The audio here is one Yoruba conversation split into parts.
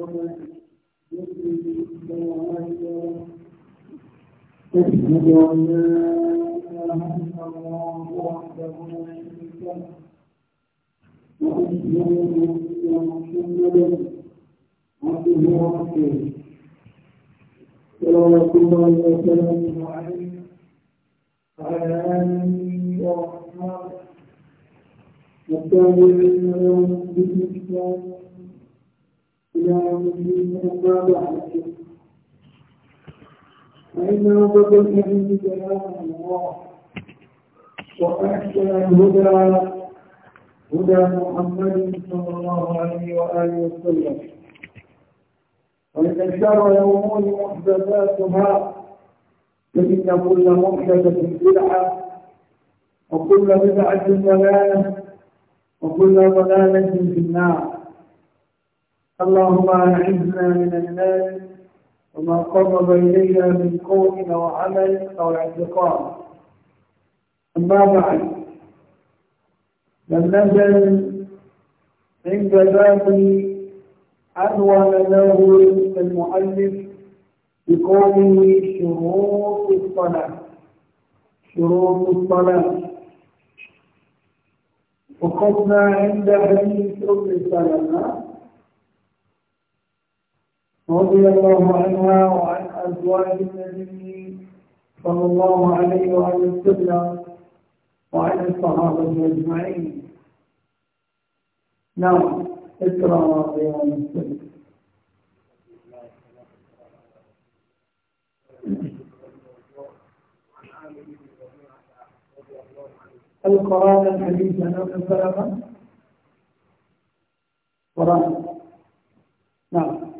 ọmọ nítorí ọmọ ayé أشهد أن لا إله إلا الله وحده لا شريك له وأشهد أن محمدا عبده ورسوله صلوات الله وسلامه عليه وعلى آله وأصحابه والتابعين لهم بالإسلام إلى يوم الدين فإن أصدق الحديث كلام الله وأحسن الهدى هدى محمد صلى الله عليه وآله وسلم وإن شر الأمور محدثاتها فإن كل محدثة بدعة وكل بدعة ضلالة وكل ضلالة في النار اللهم أعزنا من الناس وما قرب إلينا من قول أو عمل أو اعتقاد أما بعد لم نزل عند باب عنوان له المؤلف بقوله شروط الصلاة شروط الصلاة وقفنا عند حديث أم سلمة رضي الله عنها وعن أزواج النبي صلى الله عليه وآله وسلم وعن الصحابة أجمعين نعم اقرأ يا مسلم القرآن الحديث عن أبي سلمة قرآن نعم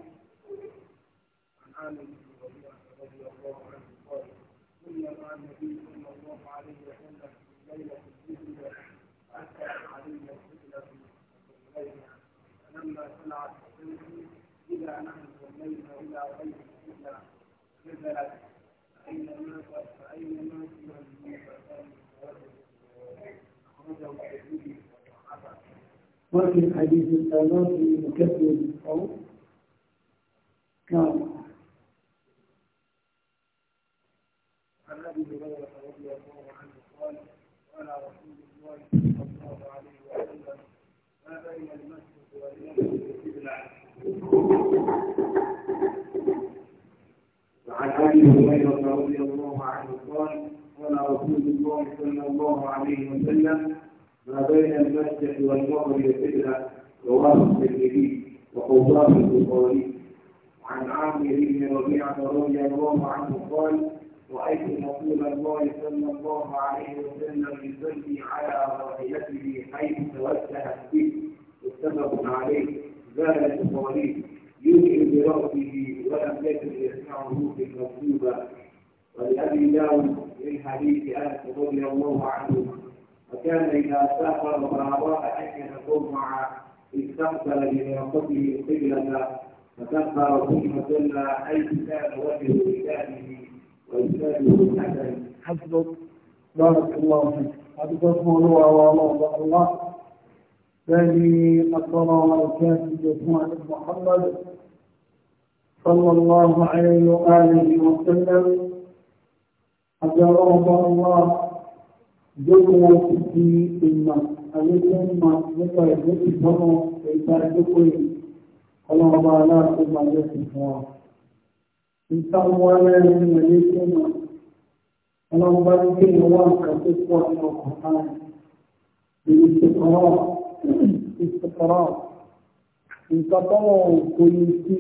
النبي صلى الله عليه وسلم في الليله الجديده حتى علي الفتنة الليلة فلما طلعت الشمس إذا نحن ولينا إلى غير الفتنة نزلت فأينما فأينما سوى المنبر أخرجه الترمذي وفي الحديث الثالث مكفر الصوم نعم عن ابي هريره رضي الله عنه قال قال رسول الله صلى الله عليه وسلم ما بين المسجد وعن ابي هريره رضي الله عنه قال قال رسول الله صلى الله عليه وسلم ما بين المسجد والمغرب قبلة رواه الترمذي وقواه البخاري عن عامر بن ربيعه رضي الله عنه قال رأيت رسول الله صلى الله عليه وسلم يصلي على راحلته حيث توجهت به متفق عليه زال الصليب يوحي برأسه ولم يكن يسمعه في المكتوبة ولأبي داود من حديث أنس رضي الله عنه وكان إذا سافر وأراد أن يتطوع استقبل بمنطقه قبلة فكبر ثم صلى حيث كان وجه لسانه حسبك بارك الله فيك حفظكم الله والله الله بني الصلاة والكافي جسمان محمد صلى الله عليه وآله وسلم أجره الله جملة في الماء أليكم ما يقع يجب فنو إذا يقول الله لا تبع يجب فنو ìtàwọlé nínú ilé tó nà ọlọ́run bá ní kí ni wọ́n nǹkan tó pọ̀ ní ọkàn náà èyí tó kọ́rọ̀ ìtòkọ́rọ̀ nǹkan tọ́wọ́ kò ní sí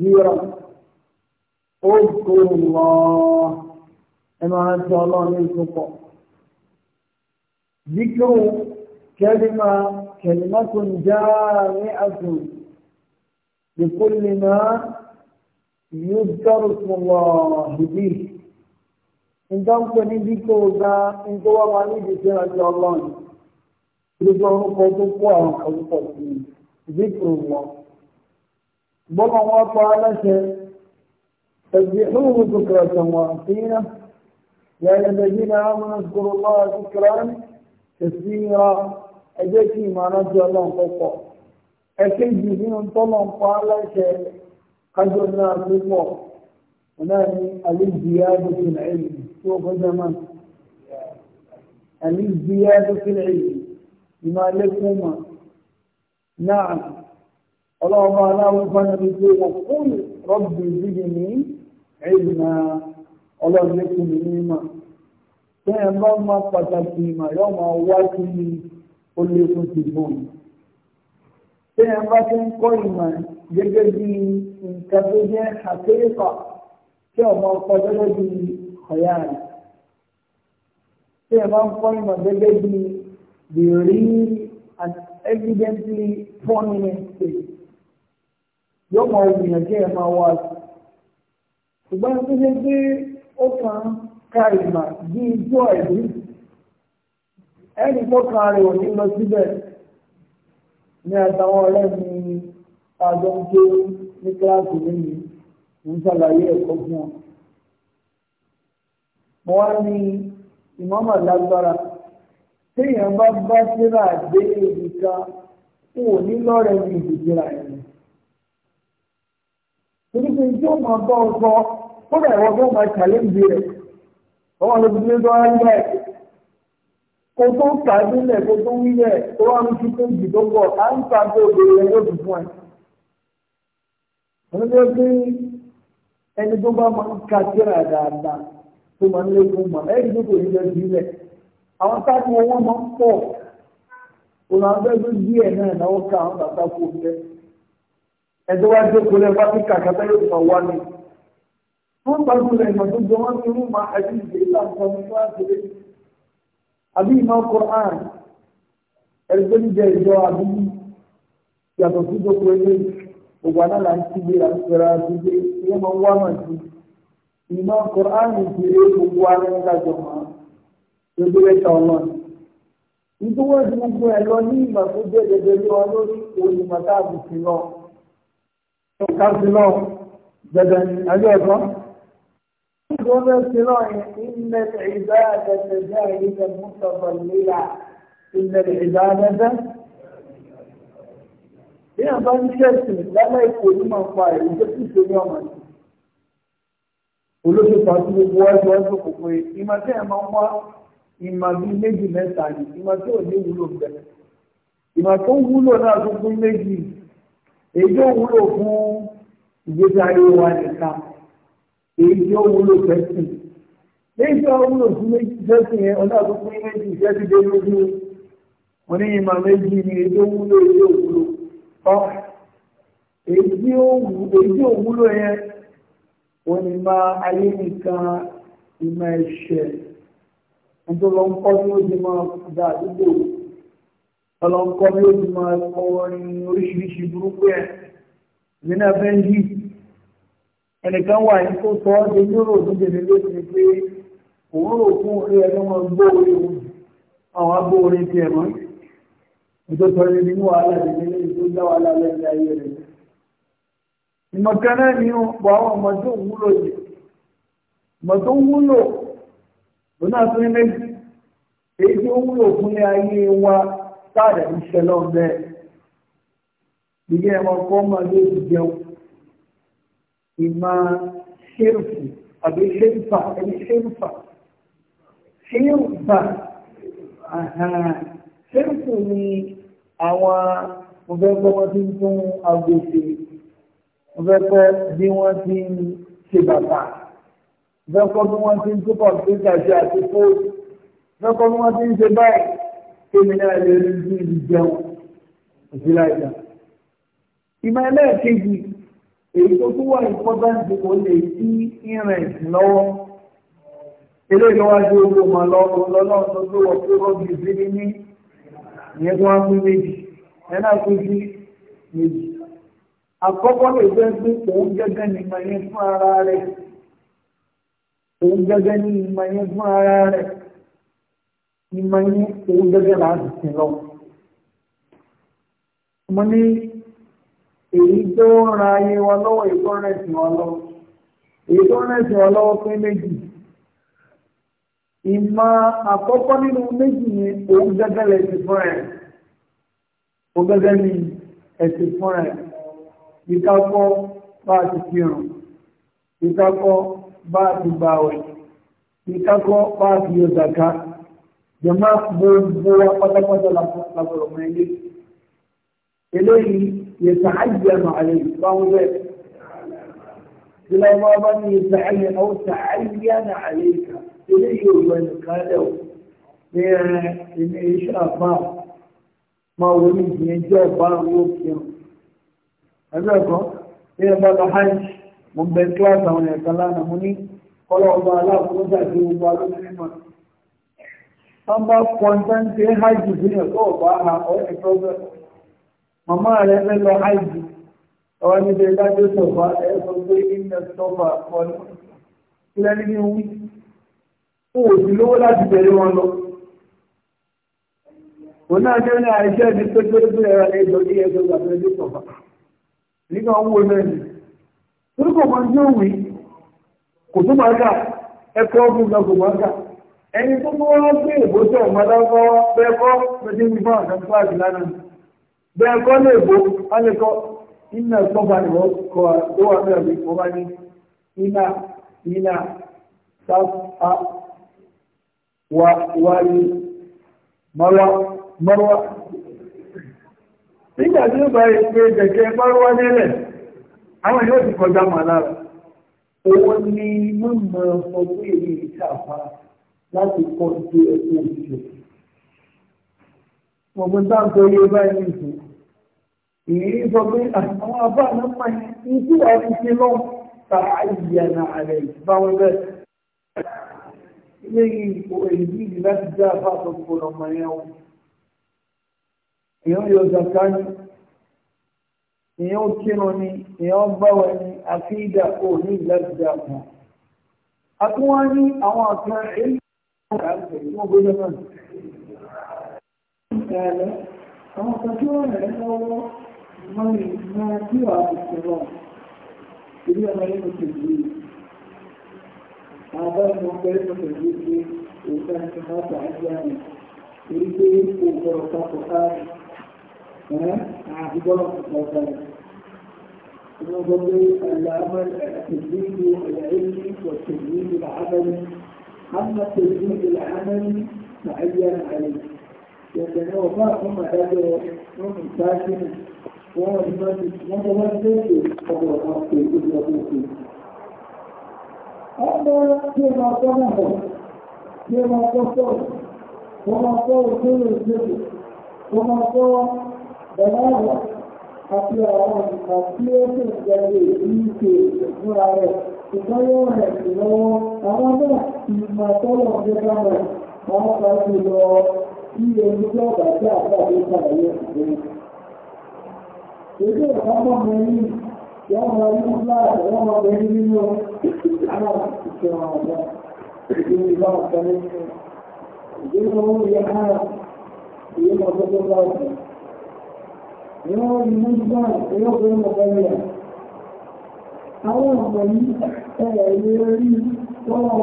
ní ó kó lọ ẹ máa ń tọ́ ọlọ́run ní ìsopọ̀. ذكر كلمة كلمة جامعة لكل ما يذكر اسم الله به nǹkan pẹ̀ níbi kó o gba nǹkan wá wá níbi tí a jọ ọlọ́run gbogbo orúkọ tó kó àwọn kan pọ̀ sí i zikru wọn. gbọ́dọ̀ wọn pa aláṣẹ سبحوه بكرة وأصيلا يا الذين آمنوا اذكروا الله ذكرا كثيرا أجاكي ما نجي الله فوقه أكي دين طلب قال شيء قدرنا الله ونحن الازدياد في العلم شوف زمان الزيادة في العلم بما لكم نعم اللهم لا وفنا بكم قل ربي زدني ẹ̀yìn náà ọlọ́run lékún mi ní ìmọ̀ tẹ́ ẹ bá máa pàtàkì ìmọ̀ yóò máa wá sí i ó lékún ti bọ̀ tẹ́ ẹ bá ti ń kọ́ ìmọ̀ gẹ́gẹ́ bí nǹkan tó jẹ́ àkérékọ̀ tí ọmọ ọkọ gẹ́gẹ́ bí ọ̀yá rẹ̀ tẹ́ ẹ bá ń kọ́ ìmọ̀ gẹ́gẹ́ bí the real and evidently prominent state yóò máa gbìyànjú ẹ̀ máa wá sí i ṣùgbọ́n tó ṣe pé ó kàn ka ìmà bí ijó ẹ̀dí ẹnì kọ́kàn rẹ̀ ò ní lọ síbẹ̀ ní àtàwọn ọ̀rẹ́ mi àjọ ń ké ní kíláàsì lẹ́yìn ń ṣàlàyé ẹ̀kọ́ fún ọ. mo wá ní ìmọ̀mọ̀ lágbára téèyàn bá bá síra dé ibìkan n ò ní lọ́rẹ̀ẹ́ ní ìdìjìra yẹn sí tí ó máa bọ́ ọ sọ kódà ìwọ tó máa ṣàlẹ́ǹdì rẹ̀ ọmọ ló fi lé lọ́wọ́ nílẹ̀ kó tó kà á nílẹ̀ kó tó wílẹ̀ tó wà ní kí tó tó bọ̀ à ń ta tó òde rẹ̀ yóò dùn fún ẹ. wọ́n lé pé ẹni tó bá máa ń ka síra dáadáa tó máa ń lékún mọ̀ ẹ̀rí tó kò ní lọ sí ilẹ̀ àwọn táàkì wọn máa ń pọ̀ òun tó díẹ̀ náà náwó ká àwọn bàtà kò fẹ́ẹ́ ẹjọ́ wá jókòó lẹ́gbá tí kàkàtà yóò fà wá ní. wọ́n gbà gbọ́dọ̀ ìmọ̀ tó jọ wọ́n ti rú ma àti ìdè ìlànà ní kíláàsì rẹ̀. àbí ìmọ̀ Quran ẹgbẹ́ ń jẹ ìjọ àbí yàtọ̀ sí jókòó ilé gbogbo àná là ń kígbe là ń pẹ̀rẹ̀ àti ìdè ìyẹn máa ń wá mà sí. ìmọ̀ Quran ti gbogbo ara ń dájọ́ mọ́ gbogbo ẹ̀ta ọ̀nà. ìdúró ìdúró ẹ̀ lọ ní ìmọ̀ tó jẹ́ gẹ́gẹ́ bí wọn lórí òyìnbó tá a bù náà kásílọ̀ gbẹ̀dẹ̀ ẹgbẹ́ ẹ̀kọ́. Gómìnà sílọ̀ ilẹ̀ ìbáradẹ̀ jẹ́ ilẹ̀ mọ́tọ̀bọ̀ léyà ilẹ̀ ìbáradẹ̀. Bí a bá ń ṣẹ̀sì lálẹ́ ìkò ní máa pa ìlú tó sì ṣe ọmọ yìí. Olóṣù kan tí gbogbo ọjọ́ ọjọ́ kò pé ìmọ̀ tí ẹ̀ máa ń wá ìmọ̀ bíi méjì mẹ́ta ni ìmọ̀ tí ò ní wúlò bẹ̀rẹ̀. Ìmọ̀ tó wúlò náà tó kún méjì yìí èyí yóò wúlò fún ìgbésí ayé wa nìkan èyí yóò wúlò fẹ́sì léyìí tí wọ́n wúlò fún méjì fẹ́sì yẹn ọ̀dà tó fún méjì fẹ́sì dé lójú wọn ní ìmọ̀ méjì ni èyí yóò wúlò èyí yóò wúlò ọ́ èyí yóò wúlò yẹn wọn máa ayé nìkan ìmọ̀ ẹ̀ṣẹ̀ nítorí wọn kọ́ ní ó ti máa dá àdúgbò ọlọ́nkọ́ bí ó ti máa kọ orin oríṣiríṣi burúkú ẹ̀ nínú fẹ́ńdì ẹnìkan wà ní tó sọ ọ́ de yúrò tó dèmí lóṣìṣẹ́ pé òun rò fún orí ẹni wọn gbọ́ orí òun àwọn agbó orí ti ẹ̀mọ́ ìjọ sọ ní nínú wàhálà dèmí lẹ́yìn tó dá wàhálà lẹ́yìn ayé rẹ̀ ìmọ̀kan ni ó pọ̀ àwọn ọmọ tó ń wúlò yìí ìmọ̀ tó ń wúlò lónà tó ní méjì èyí tó wúlò fún ilé ayé wa káàdì ìṣẹ́ lọ bẹ́ẹ̀ ilé ẹmọ kọ́ máa ló ti jẹun ìmá ṣérùfù àbí ṣérùfà ẹni ṣérùfà ṣérùfà ṣérùfù ni àwọn mo fẹ́ kọ́ wọ́n ti ń tún aago ṣe mo fẹ́ kọ́ bí wọ́n ti ń ṣe bàtà mo fẹ́ kọ́ bí wọ́n ti ń tún kọ̀ǹpútà ṣe àti fóònù mo bí wọ́n ti ń ṣe báyìí kémi náà lè rí bí ìlú jẹun òsì láìka. ìmọ̀ ẹlẹ́ẹ̀kejì èyí tó tún wà ìpọ́tàǹtì kò lè sí ìrìn lọ́wọ́ eléyìí wá sí ogun ọmọ lọ́lọ́run tó tó wọ pé rọ́bì sí ní ní ìyẹn tó wá pín méjì ẹ náà pín sí méjì. àkọ́kọ́ lè fẹ́ pé òun gẹ́gẹ́ ní ìmọ̀ yẹn fún ara rẹ̀ òun gẹ́gẹ́ ní ìmọ̀ yẹn fún ara rẹ̀ ìmọ̀ ní owó gẹ́gẹ́ láti sin lọ. mo ní èyí tó ń ra ayé wa lọ́wọ́ èyí tó ń rẹ̀sìn wa lọ́wọ́ èyí tó ń rẹ̀sìn wa lọ́wọ́ pé méjì ìmọ̀ àkọ́kọ́ nínú méjì ni jọba gbogbo pátápátá làbọ̀rọ̀ mọ́ ilé eléyìí yẹta ayé ẹnu àlè ìfọwọ́ bẹ́ẹ̀ sílẹ̀ ọmọ ọba ní yẹta ayé ẹnu ọ̀tá ayé ẹnu àlè ìka eléyìí ò gbẹ̀nu kálẹ̀ o ní ẹ ẹni iṣẹ́ àbá máa wọ ní ìgbìyànjẹ́ ọba owó kìíní ẹgbẹ́ ẹ̀kọ́ ní ẹgbẹ́ ọba hajj mo bẹ kíláàsì àwọn ẹ̀ka lánàá mo ní kọ́lọ́ ọba aláàbò ó dàbí gbogbo alóṣèlú mọ́tò wọ́n bá pọ̀ntán tí hajj sílẹ̀ tó bá ha ọ̀rẹ́ problem màmá rẹ̀ fẹ́ lọ hajj ọwọ́ ní bẹ́ẹ̀ dájú sọ̀fà ẹ̀ sọ pé ilẹ̀ sọ́fà pọ̀lú ilẹ̀ nínú wí ó sì lówó láti tẹ̀lé wọn lọ òun náà jẹ́ ní àìṣẹ́ ní pẹ́pẹ́pẹ́ ẹ̀rọ ẹ̀jọ̀ ní ẹ̀jọ̀ ìgbàgbẹ́jọ́ sọ̀fà nígbà wọn wọ náà ni torí kò mọ tí ó kò tó máa kà ẹ̀kọ́ ọ̀gbìn náà kò máa kà ẹni tó mọ́ wọ́n gbé ìbòjọ́ ọmọdọ́gbọ́ bẹ́ẹ̀kọ́ pẹ̀lú ìgbà àkàkọ́ àjìlánà bẹ́ẹ̀kọ́ lè bó alẹ́kọ́ iná sọ́bà ni wọ́n kọ́ tó wà ní ọ̀bí kọ́ bá ní iná iná sáfà wà wáyé mọ́wá mọ́wá nígbà tí ó bá yẹ pé jẹ̀jẹ̀ àwọn yóò ti kọjá màlára owó ni mọ́mọ́ ọgbẹ́ ìrìn ìta àfáà láti kọ́ ju ẹ̀kọ́ òṣìṣẹ́. Ọ̀gbìn tá ń tọ́lé báyìí nìkan. Èyí sọ pé ah, àwọn àbá náà máa ń ní kí wàá fi ṣe lọ́wọ́ ta àyíyànà ààrẹ ìbáwọn bẹ́ẹ̀. Ilé ìpò èyí ni láti jẹ́ àbá àtọ́kùnkù ọmọ yẹn o. Èèyàn yọ zàká ni, èèyàn ó kírun ni, èèyàn báwọn ni, àfi ìdá kò ní ìlàjì dáa kan. Àtúwọ́n ní àwọn àkàrà èyí Àwọn kan tí wọ́n rẹ̀ lọ́wọ́ mọ́rin máa tí wà ìṣẹ̀lọ̀ ìrí ọmọ inú tèbí. Àbá ìmọ̀ pẹ̀lú tèbí pé òṣà ti máa tàbí àmì orí pé kò gbọ́rọ̀ papọ̀ káàrí. Ẹ̀rẹ́ àbúgbọ́rọ̀ papọ̀ káàrí. Ìmọ̀ gbogbo àlàámọ́ tèbí ìlú ẹ̀yà ìlú ìpọ̀ tèbí ìlú àbẹ́lẹ́ أما التجديد العملي فعين عليه يتنوفى ثم أجر من ساكن ومن متوسط قبل الحق كل يقول أما فيما طلبه فيما قصر وما صار كل الجد وما صار بلاغه حتى عن أسيرة الجليل يمكن مرارة ṣùgbọ́n rẹ̀ sí lọ́wọ́ àwọn náà ìmọ̀ tọ́lọ̀ ń gbẹ́gbà rẹ̀ wọ́n pa sí lọ sí ẹni tó ọ̀gá tí àgbà tó ṣàlàyé Èdè ìpamọ́ mi ní wọ́n máa ní láàrín wọ́n máa bẹ ní nínú àwọn ìṣẹ́ wọn àgbà. Èdè ìbá ọ̀sán ní ìdí ìmọ̀ ó yẹ ara ìyẹn mọ̀ tó tó bá ọ̀sán. Ìwọ́n ìmú gbọ́n ìyókùnrin mọ̀ àwọn ọ̀pọ̀ yìí ẹ̀rẹ̀ ilé orí wọ́n wọ́n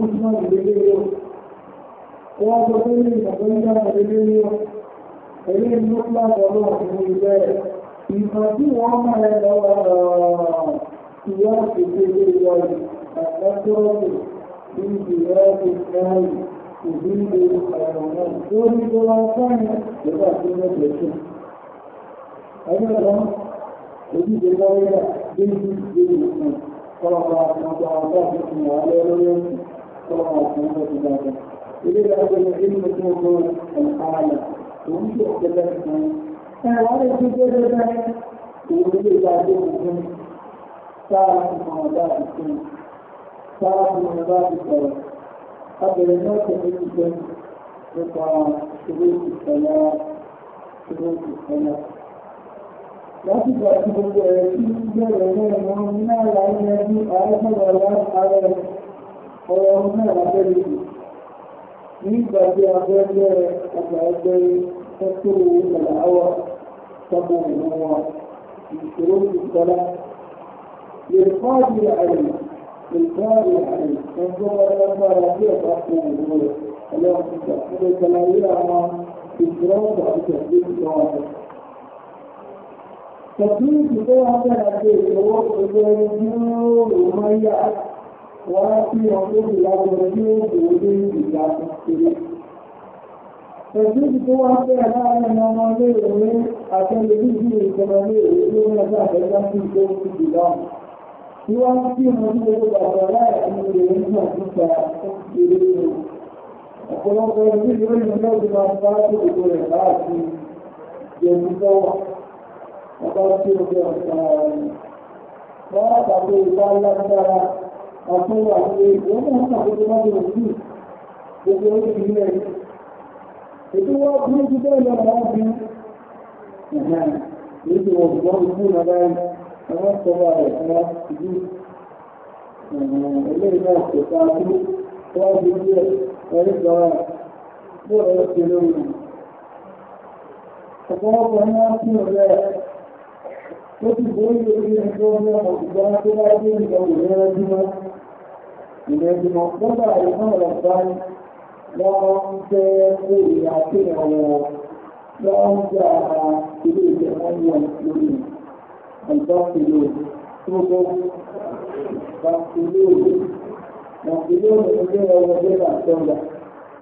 wọ́n tó mú sí náà lè lé wọ́n tó tó lè ìgbàgbọ́ ní dára lè lé wọ́n èlé ìlú pàtó ọlọ́run fún ilé rẹ̀ ìkan tí wọ́n mọ̀ ẹ̀ lọ́wọ́ ìyá òṣèlú ilé ìwọ̀ àtàkùrọ̀kù wọ́n ojúṣe lásìkò àti gbogbo ẹ̀rẹ́ tí ó bẹ̀rẹ̀ rẹ̀ wọn ní àlàyé ẹbí àáfẹ́rẹ̀ láàárẹ̀ ọ̀rọ̀ náà lábẹ́rẹ̀ ní ìgbà tí a fẹ́ bẹ̀rẹ̀ àgbà ẹgbẹ́ tẹ́tò ìlànà àwọ̀ tọ́bù ìlú wọn ìṣòro ìtọ́lá ìrìkọ́ọ̀dì àrùn ìrìkọ́ọ̀dì àrùn ẹgbẹ́ ọlọ́gbọ́ra tí ẹ̀ka fún ìlú rẹ̀ ọlọ́run ti gbà fún ìṣòro àti ìṣòro تكليف ذهب البيت وقبل نور مياه وفي قبل وجود بيتك Ẹ̀sìn tó wá fẹ́ láàrin ọmọ ilé ìwé àtẹ́lẹ́gbìjì ìkọmọlé ìlú mẹ́ta ẹ̀dá sí tó ti jùlọ. Tí wọ́n tí mo ní owó bàbá láàrin ilé ìrìnà títà ìrìnà. Ọ̀pọ̀lọpọ̀ ìlú ìrìnà lọ́dún máa bá tó gbogbo rẹ̀ láàrin ìjẹ̀bùtọ́wà àtàkì ọjọ́ ìsànàrí wọ́n àtàkì ìgbà lágbára àti àwọn èèyàn mú àkókò lọ́dún òní gbogbo orí ilẹ̀ ètò wọ́n bí ó ti bẹ́ẹ̀ lọ́nà wọ́n bí ètò ọ̀gbọ́n ìlú nàbáyé àwọn sọ́wọ́ rẹ̀ fún wa ìlú ẹlẹ́yìn náà kò sáà tó wọ́n bí ó jẹ́ ẹ̀rí gbọ́ra bó ẹ̀rọ ó ti bó ní orí ẹjọ́ ní ọ̀gbá tó bá dé ìjọ ìrẹ́júmọ́ ìrẹ́júmọ́ lọ́gbà ìfún ọ̀gbá wọ́n ń jẹ́ orí àti ọ̀rọ̀ wọ́n ń jẹ́ ara ilé ìjọ ọ̀wọ̀n lórí ìjọ́sílò tó bó ìjọ́sílò ìjọ́sílò ìjọ́ ọ̀gbẹ́ àtọ́gbà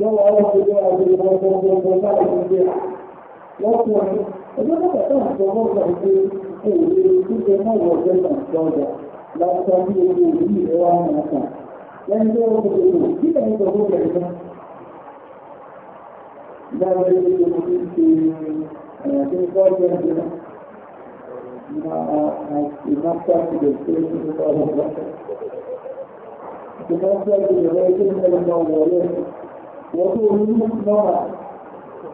wọ́n wọ́n ń jẹ́ ọ̀gbẹ́ ẹgbẹ́ bàtà tó ń sọ wọ́n gbà pé kò lè jíjẹ náà wọ ọjọ́ náà sọ́jà láti bí owó yìí ẹ wá máa kàn lẹ́yìn tó wọ́n gbogbo ìlú kí lẹ́yìn tó wọ́n gbà ẹ̀ka. Ìdájọ́ ilé ìlú ti ń ṣe ẹ̀yà tó ń kọ́ ọjọ́ ìjọba. Ìmáṣá ti lè ṣe é ní ọjọ́ ìjọba. Ìmáṣá ti lè rẹ́ ẹgbẹ́ ìjọba wọlé. Wọ́n tó orí náà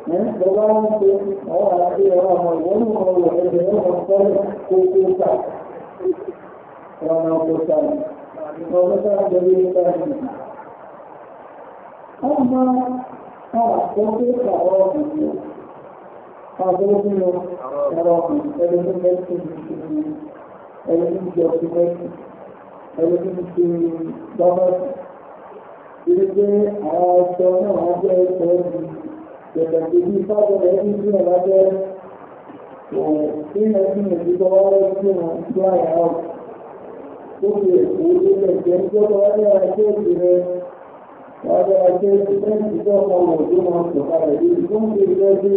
من بلان في أو على في رام الظلم أو الحجر والصبر كوكوكا رانا كوكان ومتى جميل كان أما أنا كوكوكا راكي أظلمني راكي ألمني ملكي ألمني جوكي ملكي ألمني في ضغط Ìrìnlẹ̀ àwọn ọ̀ṣọ́ náà wọ́n jẹ́ ìṣẹ́ ìrìnlẹ̀. Yàtọ̀ sí bí fáwọn tí wọ́n bá jẹ́ ìrìnà sí ìdíjọ́ tí wọ́n tó àyà Ó fi èkó ló lè jẹ́ ìjọba wáyé ara tí ó ti rẹ̀ wáyé ara tí ó ti rẹ̀ ìjọ ọmọ òwò tó máa sọ̀ kalẹ̀ bí i tó ń fi sí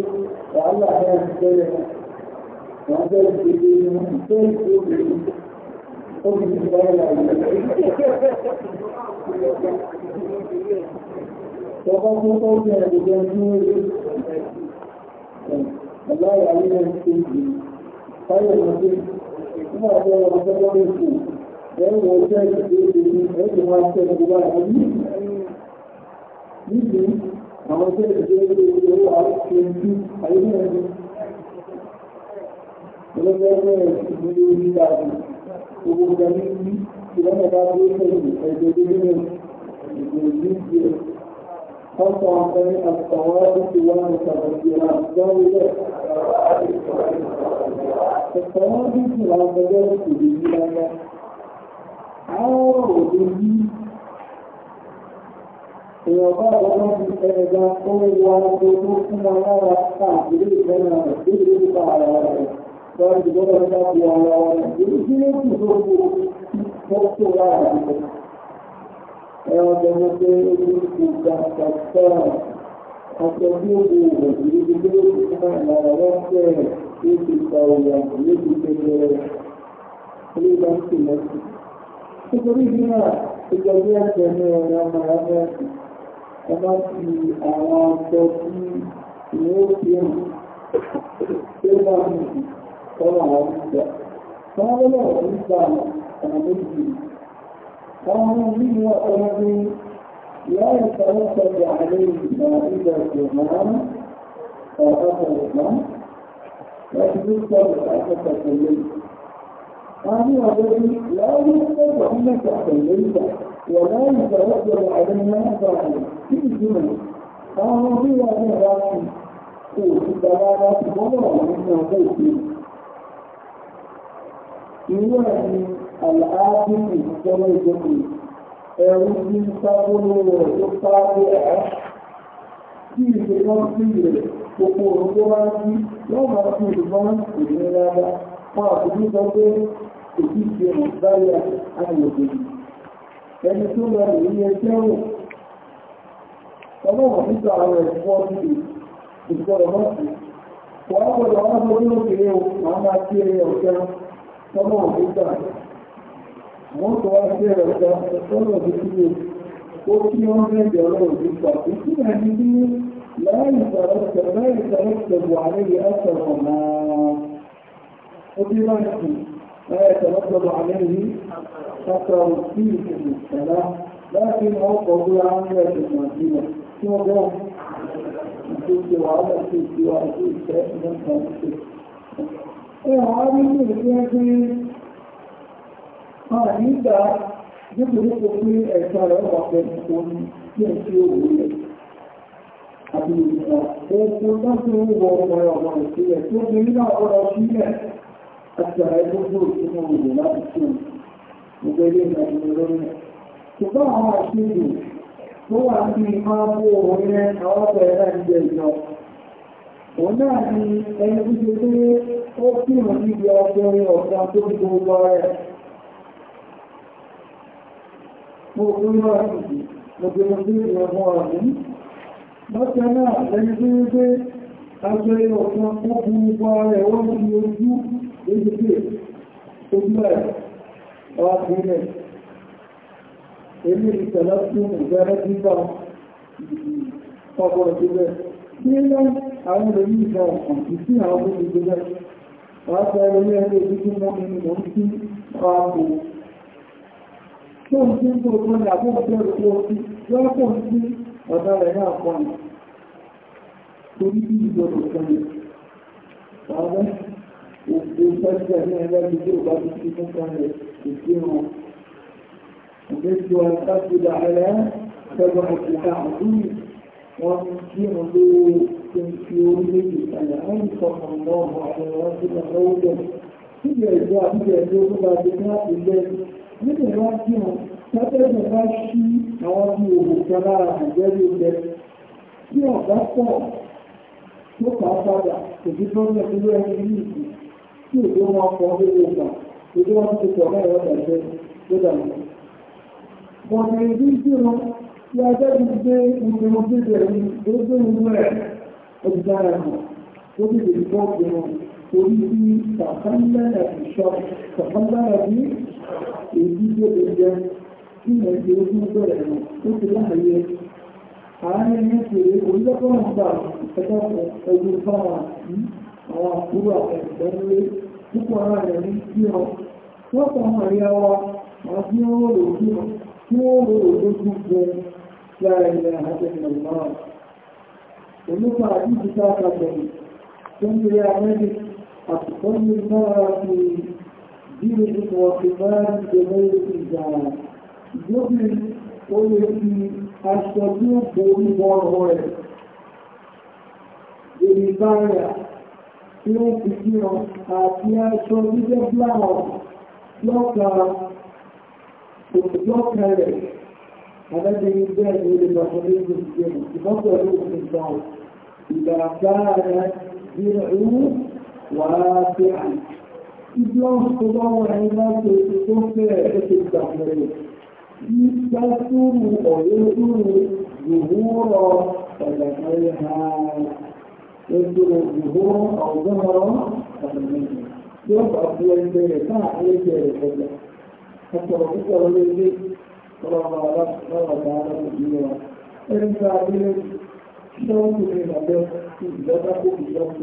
wàhálà náà ti tẹ́lẹ̀. Wọ́n fẹ́ ti di ìfẹ́ ìfẹ́ ó fi ti bá Tọ́kọ́ tó tó jẹ́ ẹgbẹ̀rẹ̀ ní orí. Ọlá ìyàwó rẹ̀ ti jù. Táyọ̀ lọ sí. Nígbà tó lọ sí ọjọ́ ní ìsìn. Ẹ̀rù ọjọ́ ìdíje ìdíje ẹ̀rù máa ń tẹ̀lé ìgbà àbí. Níbi àwọn tó ìdíje ìdíje owó àti ìdíje ayé náà Ọlọ́gbẹ́gbẹ́ ìgbìyànjú ìgbìyànjú owó ìgbà ní ìlú ìlọ́mọ̀dá tó ń tẹ̀lé ẹgbẹ̀rẹ̀ ìgbìyànjú حتى عن الطوائف والمتغيرات ذلك الطوائف والمتغيرات بالله عاروا به وقال الله إذا قوى قلوبكم ولا يخفى بريدنا بريد على ذلك ذلك ذلك على ذلك ذلك ذلك ذلك ẹran tẹ̀lé pé ó ti ti gba pakistan ọ̀sẹ̀ tí ó bu òbí ibi tó lè fi fún àìlára lọ́sẹ̀ tí ó ti fa òyà lójú kékeré orí bá ń tì lọ́sẹ̀. nítorí náà ìjọba ẹ̀jẹ̀ ní ọ̀rọ̀ ọmọ ẹgbẹ́ ẹ má fi àwọn aṣọ tí ìwé òkè mú tó bá mú kọ́ àwọn ìgbà. wọ́n lọ́wọ́ nígbà ọ̀nà méjì قوم وأمم لا يتوكل عليه فائدة ما فأخذ ما يجوز فأخذ الليل هذا الذي لا يقدر أن تحتملك ولا يتوكل علينا فاعل في الجمل قالوا في هذه الرأي في الدلالات وضعوا منها بيتي إيوه àlàáfíìsì jọmọ ìjọba ẹ̀rù tí ń sábóló rẹ̀ tó sáájú ẹ̀ tí ìṣe kan sí rẹ̀ gbogbo òun tó bá ń sí yóò máa fi ìbọn ìrìn rárá wọn àbúrú sọ pé kò sí ṣe ìbáyà àyòkèjì ẹni tó lọ rí ẹjẹ́ rò ọlọ́wọ̀n nígbà àwọn ẹ̀fọ́ ti ìjọba náà sí wọ́n gbọ́dọ̀ wọ́n gbọ́dọ̀ lókèrè àwọn akéré ọ̀gá ọlọ́wọ̀n nígbà rẹ̀ wọ́n tó wá sí ẹ̀rọ ìjọ ọ̀rọ̀ tó kí ó kí wọ́n rẹ̀dẹ̀ ọ̀rọ̀ òjúkọ̀ ìtí ẹni bí lẹ́yìn ìfẹ̀rẹ̀sẹ̀ lẹ́yìn ìfẹ̀rẹ̀sẹ̀ wà lẹ́yìn ẹ̀sẹ̀ ọ̀nà ó bí wọ́n ti lẹ́yìn ìfẹ̀rẹ̀sẹ̀ wà lẹ́yìn ẹ̀sẹ̀ ọ̀nà láti wọ́n kọ̀ bí wọ́n rẹ̀ ẹ̀sẹ̀ ọ̀nà tí wọ́n bọ́ ìgbésẹ̀ wàhálà sí ìgbéwà sí ìfẹ́ mẹ́ta ìfẹ́. Ẹ̀hàn á rí ní ìgbésẹ̀ hàn nígbà nítorí tó pé ẹ̀sán rẹ̀ wà pẹ̀lú omi tí ó wù rẹ̀ àti tó wà ní máa bó òun rẹ̀ àwọn ọ̀pẹ̀rẹ̀ ìjọ òun náà ni ẹni tó ṣe pé ó kírun níbi ọgbẹ́rin ọ̀gá tó gbogbo rẹ̀ mo fún ní ọ̀sìnkì mo fi mo sí ìrọ̀mọ́ ọ̀rùn bákan náà lẹ́ni tó ń gbé aṣọ ẹ̀rọ kan tó bu gbọ́ rẹ̀ wọ́n fi ojú lójú pé ojú ẹ̀ ọwá fi rẹ̀ èmi ìtẹ̀lá tí mo bẹ̀rẹ̀ tí bá ọkọ̀ ìjọba tí ó àwọn olóyìn ìjọ ọ̀kan ìsí àwọn olóyìn ìjọba wọ́n sọ ẹ̀rọ ilé ẹgbẹ́ ìdíkú tó ń tí ń tó ọkùn ní àbó bẹ̀rẹ̀ tó ọtí lọ́pọ̀ sí ọ̀dá rẹ̀ náà kan torí bí ìjọba ìkọlẹ̀ ọ̀rẹ́ òkú sẹ́jẹ̀ ní ẹlẹ́gbẹ̀ẹ́ tí ó bá ti fi fún kalẹ̀ ìfihàn ìgbésí wa ìtàkùdà ẹlẹ́ sẹ́gbọ̀n ìpìlẹ̀ àdúrà wọn kí wọn ló ti ń fi orílẹ̀-èdè kalẹ̀ láì sọ̀rọ̀ lọ́wọ́ àwọn ọ̀rọ̀ sílẹ̀ lọ́wọ́ bẹ̀rẹ̀ nígbà wá kí wọn látẹ́gbẹ̀ bá ṣí àwọn bí òògùn kan lára ìjẹ́ bí oúnjẹ tí ọ̀gá pọ̀ tó kà á padà kò sí tó ní ẹgbẹ́ ẹni ní ìlú tí òjò wọn kọ lórí ìgbà òjò wọn ti pọ̀ náà ọ̀dà jẹ́ ló dà mí. bọ̀dẹ̀ ìlú tí wọn tí atẹ́gùn gbé oúnjẹ oúnjẹ rẹ̀ ní gbogbo ìlú rẹ̀ ọdún dára mọ̀ ó sì lè gbọ́ òkè wọn oríṣi tàkánlẹ́nà ìṣọ́ tàkánlẹ́nà ní èyí tó lè jẹ tí mo ti ojú bẹ̀rẹ̀ mọ̀ tó ti láàyè àárín ní kèrè orílẹ̀-èdè gbà ẹgbẹ́ ẹgbẹ́ fáwọn àwọn àkúrò àtẹ̀gbẹ́lé púpọ̀ náà rẹ̀ ní kí ọ wọ́n kàn mọ̀ rí ọwọ́ àwọn tí ó rò ojú tí ó rò ojú gbogbo lára ilẹ̀ àjẹmọ̀ náà olùkọ́ àti ìdíkà àgbẹ̀yìn tó ń gbé àwọn ẹgbẹ́ أطفال المرأة دين وقفان بغير إزالة يبني ويبني أشتبه بوري بوري Ìrìnbáyà tí ó fi kíran àti aṣọ jíjẹ́ bláwọ̀ lọ́ta òṣìṣọ́kẹ̀ rẹ̀ àdájẹ́rin jẹ́ ìrìn ìgbàfọ́lé ìgbìyànjú ìbọ́pẹ̀lú òṣìṣọ́ ìgbàfáà rẹ̀ bí rẹ̀ واسعا يوم قضاء عينات تكفر تتدخل يستثور ويثور ظهور فلقيها يذكر الظهور أو ظهر فلقيها يبقى في البيت عليك الحجة حتى لو تكفر البيت صلى الله عليه وسلم إن فعلت شوك من أبيض إذا تكون شوك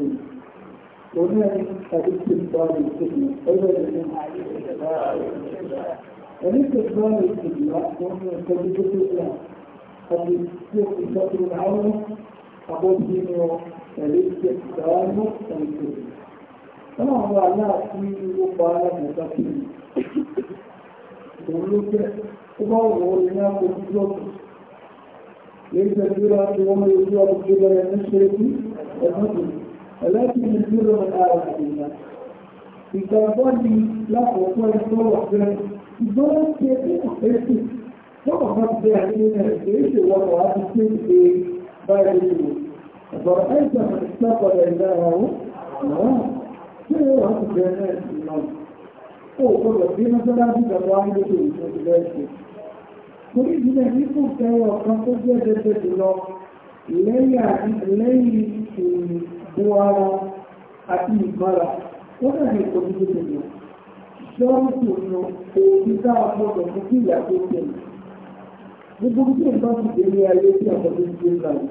ordinary satisfactory signal, everything. And if the body is not only a physical plan, but it's still something else about being a realistic dialogue and thinking. Some of our last few बारह होता थी हम लोग के सुबह बोलना कुछ लोग एक तस्वीर आप लोगों ने जो आप उसके बारे में शेयर की ऐसा ولكن يسير من آل الحديثة ìgbàgbọ́dì lápòótọ́ ẹ̀tọ́ ọ̀fẹ́ ìgbọ́dọ̀ tí ó kò fẹ́sì tọ́pọ̀ bá ti bẹ́ àti nínú ẹ̀sẹ̀ èṣè wọ́pọ̀ láti tí ó ṣe báyìí lò ọ̀pọ̀ ẹ̀sẹ̀ ìṣẹ́pọ̀lẹ̀ ìdára ó wọ́n tí ó wà ti bẹ́ẹ̀ náà sí náà ó gbọ́dọ̀ bí mọ́sọ́lá sí ìgbàgbọ́ ayélujára ìṣẹ́ ti bẹ́ẹ̀ ṣe torí ìdílé ní kò fẹ́ ọ̀kan tó jẹ́ tẹ́tẹ́ jùlọ lẹ́yìn ìwọ ara àti ìmọ̀ra ó bẹ̀rẹ̀ kò ní gbogbo ìlú ṣọ́ọ̀tì ọ̀nà èyí tá a gbọ́dọ̀ fún kí ìyá tó tẹ̀lé gbogbo tí ìgbà ti délé ayé tí ọ̀pọ̀ tó ti délé ayé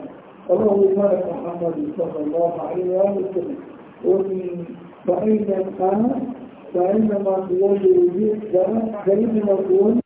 ọlọ́run ìgbà rẹ̀ kan á mọ̀lẹ̀ sọ̀rọ̀ lọ́wọ́ àìrẹ́ ọ̀rọ̀ tẹ̀lé ó ní bàáyìn náà náà máa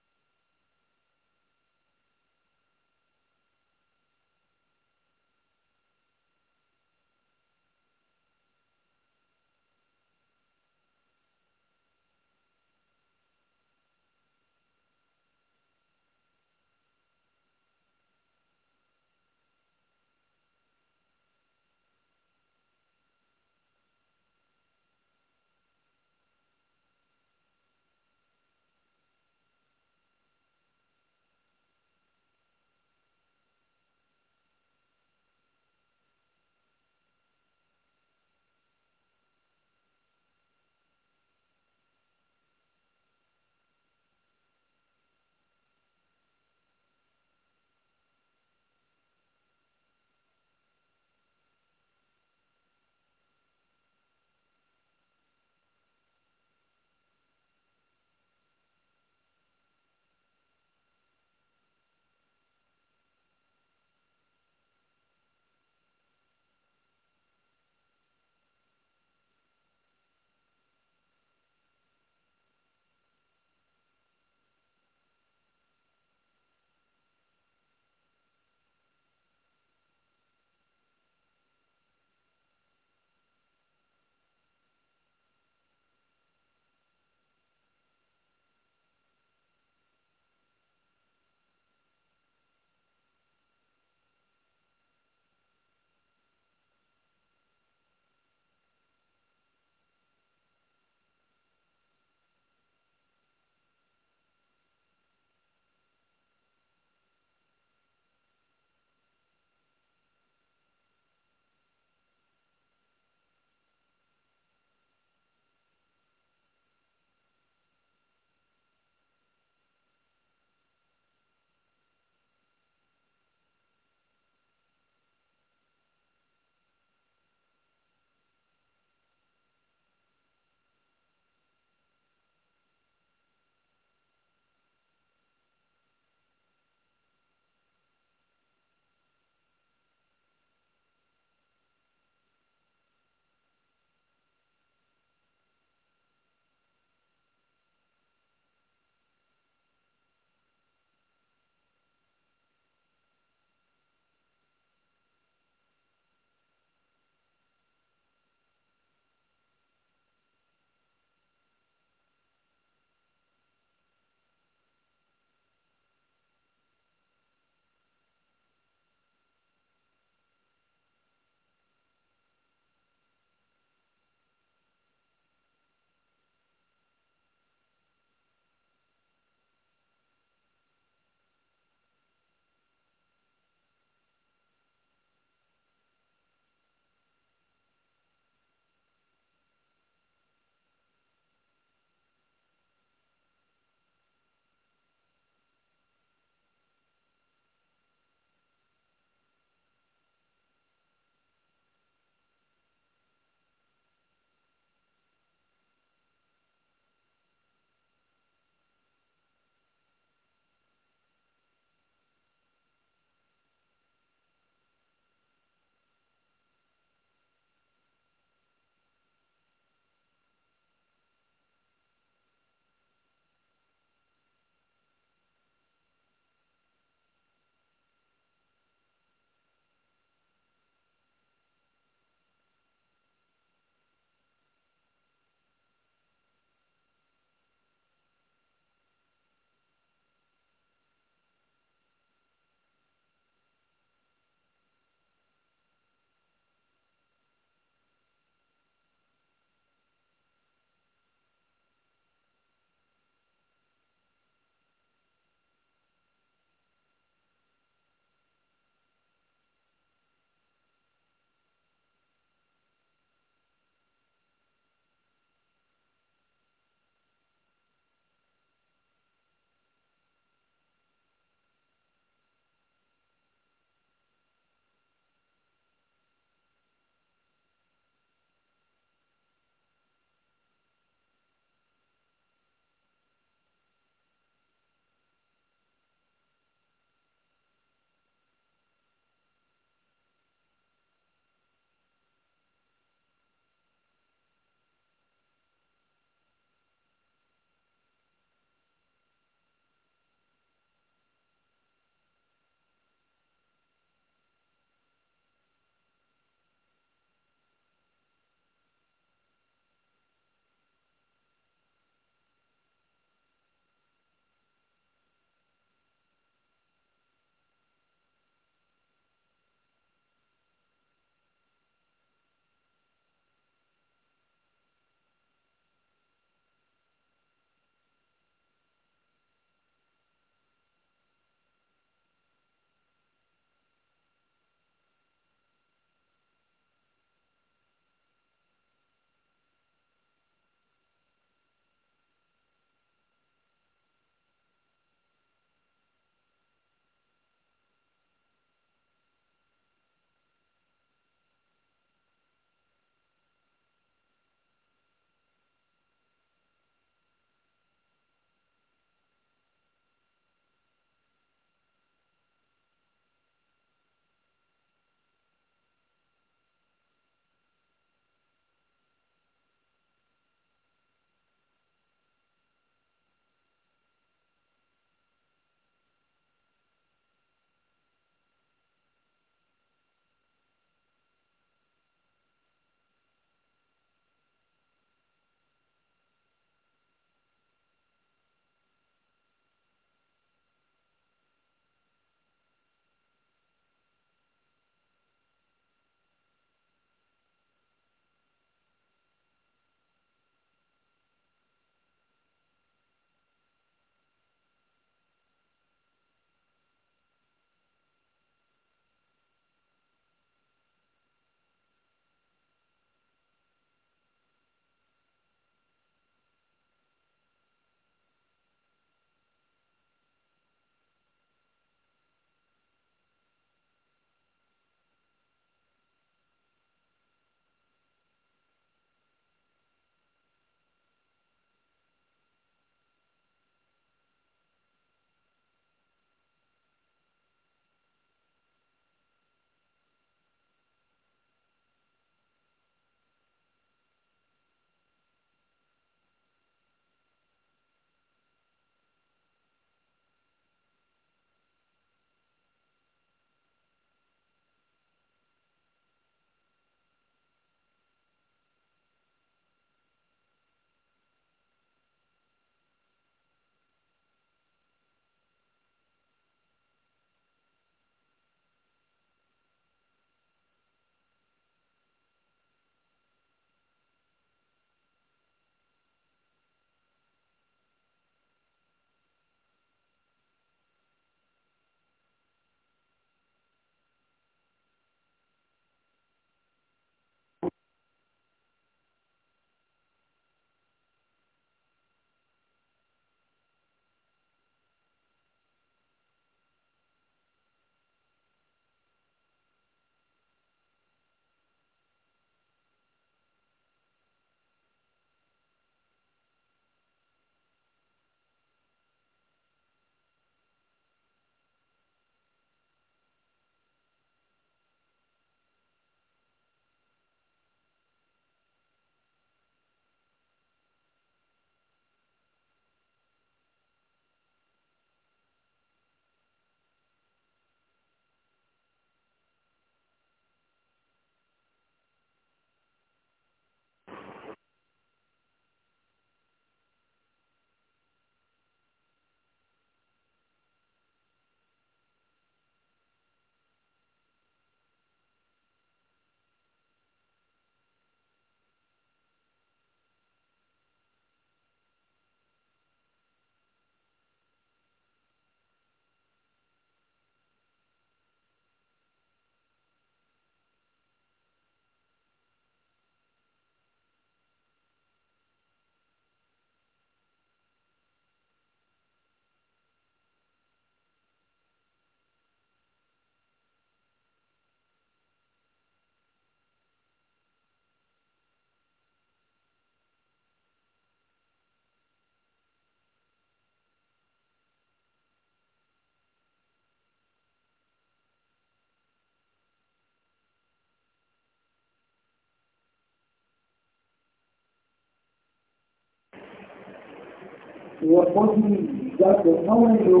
ìwọ̀n mọ́jú ìjápẹ̀ mọ́wọ́n ìlú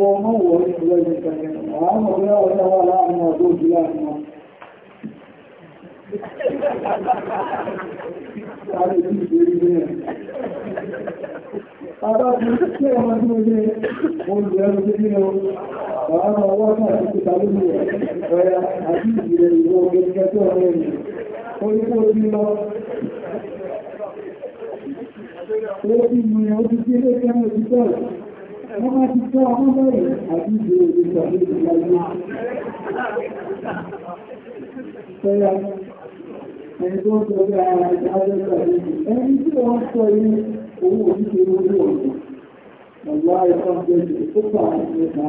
àwọn ọwọ́ náà ti ti tàbí rẹ̀ ọ̀yà àti ìrẹ̀ ìwọ̀n gẹ́gẹ́ tó ọ̀rẹ́ ìrìn. Orí kó ojú lọ ó ẹni tí wọ́n sọ ilé owó ojú tó ọ̀dọ̀. Ọ̀gbá ẹ̀kọ́ jẹ́ tó pa àwọn ẹ̀kọ́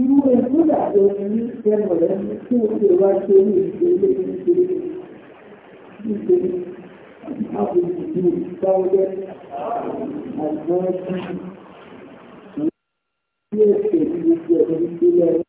Irú ẹ̀kọ́ dàbọ̀ ní kẹ́mọ̀ rẹ̀ tí ó ti wá ṣe ní ìgbèlé ìgbèlé. How will you be founded and mercy? Yes, yes, yes, yes, yes, yes.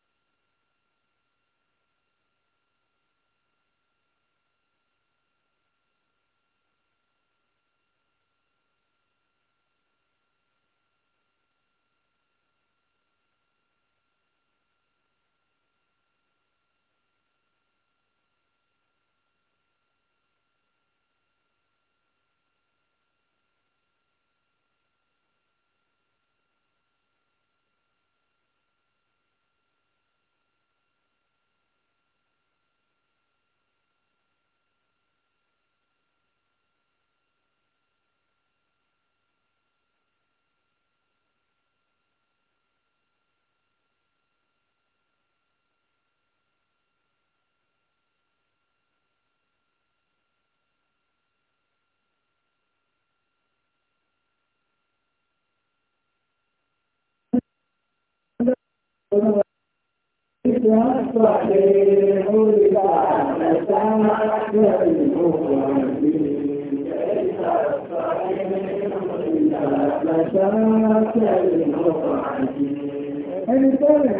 Ẹni tẹ́rẹ̀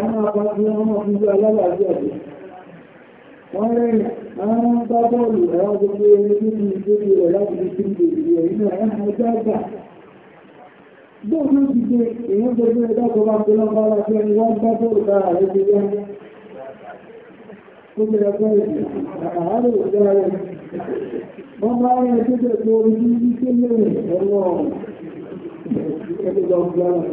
àwọn àpapọ̀ ọmọ ìlú alálàájẹ́ ọ̀dọ̀. Wọ́n rẹ̀ àwọn bá bọ́ọ̀lù ẹ̀wọ́n gbogbo ẹni tí ó ti ń gbé rẹ̀ láti fi sí ìgbèrè ẹ̀yìn náà ọjọ́ àgbà bóòlù dìde èyí gbogbo ẹ̀dá tó bá tó lọ́pàá láti ẹni wọ́n bá tó ìgbà rẹ̀ ti jẹ́ ó bẹ̀rẹ̀ pẹ́ àárò ìjọra rẹ̀ wọ́n bá rẹ̀ tó jẹ́ tó orí ní tó lẹ́rẹ̀ ẹ̀rọ ẹgbẹ̀gbẹ̀ ọgbà rẹ̀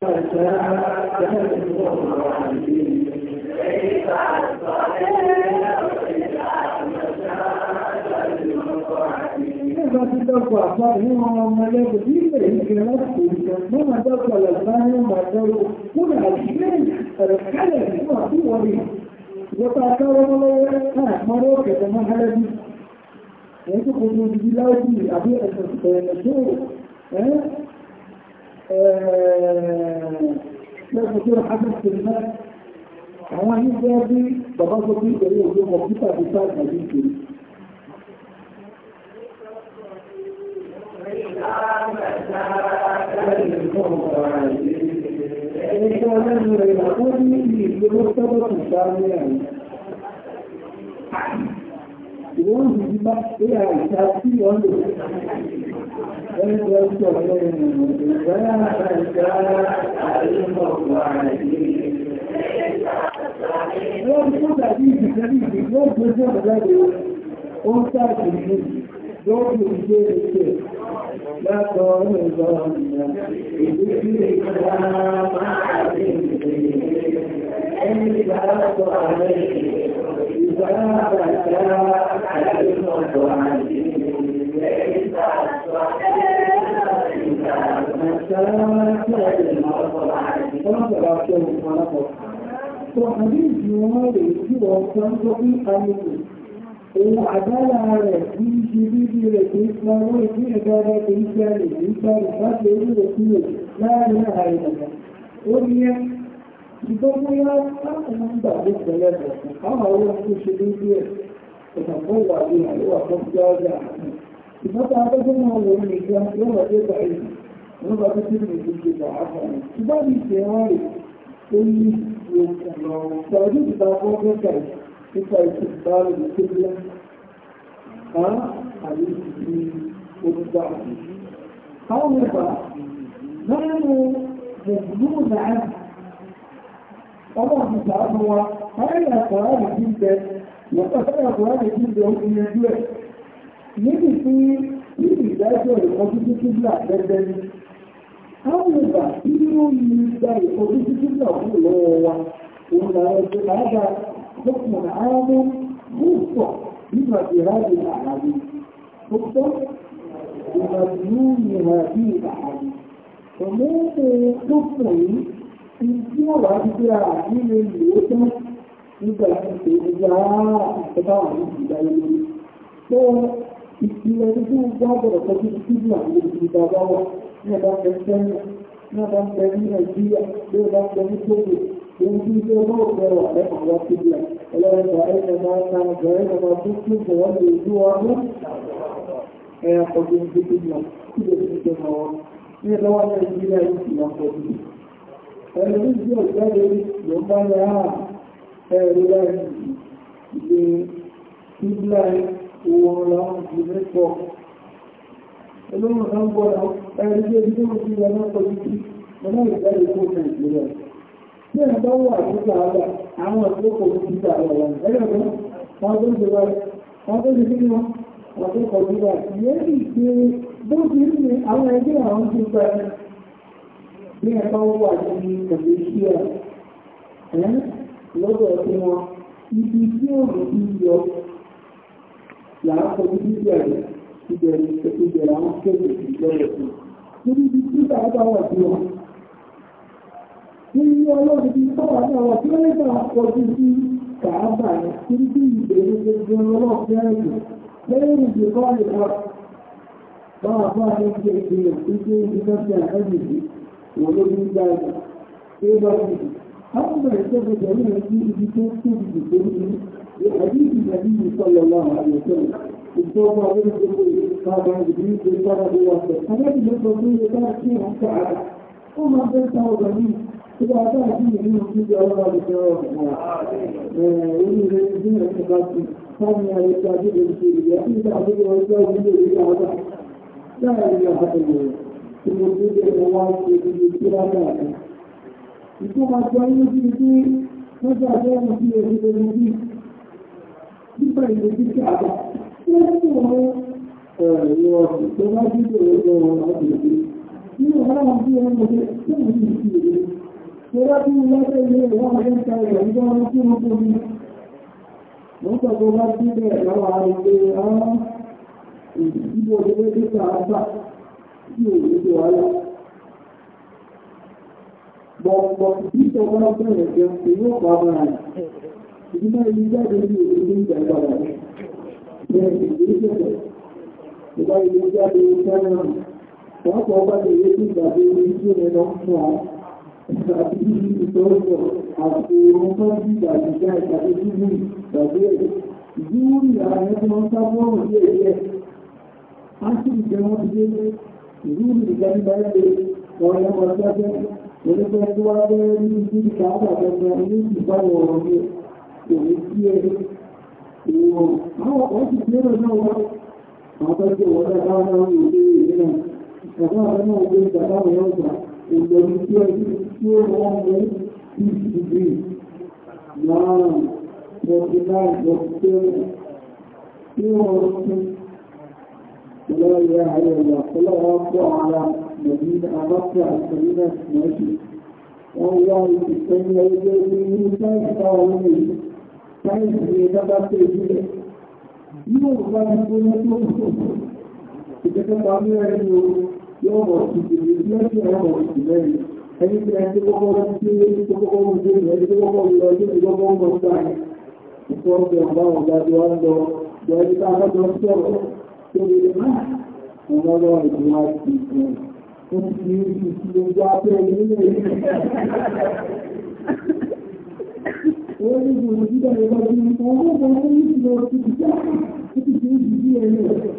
Thank you. bá ti dọ́pọ̀ àpapọ̀ ní wọn ọmọ ẹlẹ́gbẹ̀ẹ́ ní ìbẹ̀rẹ̀ ìgbẹ̀rẹ̀ láti ìjọ wọ́n máa dọ́pọ̀ àlàbáyé máa dọ́rọ̀ fún àṣírí ẹ̀rẹ̀ kálẹ̀ fún àtúwọ̀rí ìjọba akáwọ́ lọ́wọ́ àpárọ̀ kẹ̀kẹ́ máa hálẹ́bí ẹ̀yìn tó kòtò ìdí láìsí àbí ẹ̀sẹ̀ tó ẹ̀ẹ́sẹ̀ tó rẹ̀ àwọn ayé jẹ́ bí bàbá tó bí ìgbẹ̀rẹ̀ òjò mọ̀ pípàdé sáà àbí ìgbẹ̀rẹ̀ Ìwọ́n ìdí bá pé àìsà tí wọ́n lò ẹni tó ń sọ lẹ́yìn ìgbẹ́rẹ́ àìsà àìsà ọ̀pọ̀ àìsà. Wọ́n tó dàbí ìdíkẹ́ ní ìdíkẹ́ ó gbé jẹ́ ọ̀dá Ọ̀pọ̀lọpọ̀ àdíjì wọn lè jí ọ̀pọ̀ ń tó bí ayé òun àdálà rẹ̀ kí ṣe bíbí rẹ̀ kí ń pa ìpín ìjọba kì í ṣe àlè kì í pa orí rẹ̀ sí rẹ̀ láàrin àárín ọ̀gá ó ní ẹ́ ìgbọ́gbọ́yá láti ń gbà ní ìpínlẹ̀ ẹ̀sìn àwọn àwọn ṣe bíbí rẹ̀ ìtàkùn nípa ìṣèjọba ha ha àbí ìṣèjì olùgbà. Àwọn mẹ́fà lọ́rẹ́nu mọ̀gbùnú náà ọmọ òṣìṣà fún wa káyà àkọ́rá lè jí bẹ lọ́pọ̀ káyà àkọ́rá lè jí bẹ oṣù yanjú ẹ̀. Níbi tí níbi ìdájọ́ ìkọjú sí kíbla gẹ́gẹ́ ni. Àwọn mẹ́fà tí ó yí gba ìkọjú sí ha fún ìlọ́wọ́ حكم عام مبطع بما في هذه الأحاديث مبطع بمضمون هذه الأحاديث فممكن تفهم في كل رجعة من الوطن إذا كنت رجعة استطاع الإسلام فإسلام يكون جابر فكي تجمع الإسلام نظام السنة نظام دليل الجيع نظام دليل الجيع يمكن يكون فرع نفع وقبلة ولا يتعين ما كان جائزة ما تسلم فولي جوعه يقضي بكبلة كده بكبلة هو ní lọ́wọ́ ní ìgbìlẹ̀ ìsìnà pẹ̀lú ẹni tí ó jáde yóò bá ní àà ẹ̀rọ láì ìgbé ìgbìlẹ̀ òun láwọn jù mẹ́pọ̀ olóòrùn náà gbọ́nà ẹ̀rí tí ó ti lọ náà pẹ̀lú Bí ẹ̀nà wà nípa àgbà àwọn ìpókò nípa àwọn Ẹgbẹ̀rún wọn tó ń ṣe wáyé, wọn tó pé bó ti rí ni àwọn ẹgbẹ́ àwọn ti pa ẹni. Bí wà ní ìpàdé sí ẹ̀ lọ́dọ̀ tí wọn ibi tí ó rí ní ilé ọlọ́run ti sọ̀rọ̀ ní àwọn kílómítà pọ̀jù sí kàábà tí ń bí ìbèrè gbogbo ọlọ́run fẹ́rẹ̀kì lẹ́yìn ìdíkọ́ ìkọ́ báwa bá ní ṣe ìpìlẹ̀ títí ìdíkọ́ sí àkájìdì wọn ló ní gbà ẹ̀kọ́ tí ó bá ti àwọn bẹ̀rẹ̀ tó fi jẹ́ nínú sí ibi tó tó ti tó ní Ìjọba àti ìrìn ìrìn ìjọba ọlọ́rọ̀ ìjọba ọ̀rọ̀ orílẹ̀ ìjọba ìjọba ti sáàmì àyíká àjíjẹ̀ ìṣèlú àti ìjọba àjíjẹ̀ ọjọ́ ìjọba ìjọba ọjọ́ láàrin àpapọ̀ tí mo tó jẹ́ ọwá ṣe ìlú tí wá dáadáa. Ìjọba àjọ ayé bí i pé wọ́n jẹ́ àjọ ọmọ sí ẹ̀rí lórí bí nípa ìlú tí kí àbá. Wọ́n tó wọ́n ẹ̀rọ ìjọba àjíjẹ̀ ọjọ́ ọ̀rọ̀ àjíjẹ̀ Tẹ́lábí ìlú jáde ní Kánà. Wọ́n tọ́ bá lè rí ìgbàgbé ní ìjú rẹ̀ lọ́ fún àwọn àti ìtọ́jọ́ àti ohun tó bí ìgbàjíjá ìgbàjí nínú ìgbàjí ẹ̀ ìdíwúrì àwọn ẹgbẹ́ wọn sábọ́ọ̀rùn sí ẹ̀yẹ á sì jẹ wọn ti dé ìrúurì ìgbàjíjá ẹgbẹ́ wọn lọ́wọ́ ọjọ́jẹ́ onígbẹ́ tó wá bẹ́ẹ̀ ọ̀rọ̀ ní ìlòrí tí ó tí ó wọ́n mú pcd márùn forty nine forty seven tí wọ́n ti lọ́yẹ̀ àyẹ̀wò ọlọ́wọ́ pọ̀ ara nàìjíríà abáfẹ́ àtẹ̀yìnà mọ́ṣù wọ́n wá ìpẹ́yìn ẹgbẹ́ ní sáyẹ̀nsì táwọn ní sáyẹ̀nsì ní dábàá pé ìbílẹ̀ yóò bá ti gbóná tó ìjẹ́kẹ́ta mú ẹni ogun yóò mọ̀ sí ìdílé lẹ́yìn ọmọ òsì mẹ́rin ẹni tí a ti kọ́kọ́ sí tó kọ́kọ́ mú dé ẹni tó kọ́kọ́ mú lọ sí kọ́kọ́ mú lọ sáà ìfọ́ ọ̀sẹ̀ ọ̀gá ọ̀gá tí wọ́n lọ jọ ẹni tá a lọ́jọ́ sọ̀rọ̀ tó lè máa ọmọ lọ ìdúrà sí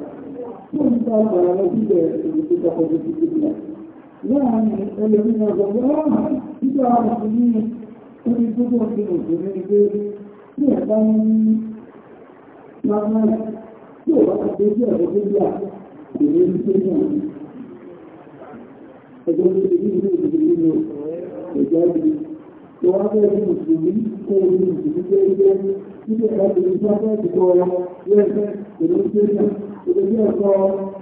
tó ń bá ọ̀rọ̀ lọ sílẹ̀ èyí tó kọ́kọ́ tó ti tóbi náà. Láàárín ẹlẹ́rìí náà sọ pé ọ́n títà mùsùlùmí ó ti tó tó ti mùsùlùmí ni pé tí ẹ̀ bá ní lágbára tí ò bá ti dé sí ọ̀rọ̀ tó gbà kò lè rí tó náà. Ẹgbẹ́ tó ti rí ìlú ìdílé lò, ẹ̀jẹ̀ ló wá fẹ́ bí mùsùlùmí tó ní mùsùlùmí tó ń jẹ́ níbi ẹ̀ka tó ní sáfẹ́ ìdíkọ́ lẹ́ẹ̀fẹ́ ìlú sẹ́yìn ìlú bí ẹ̀kọ́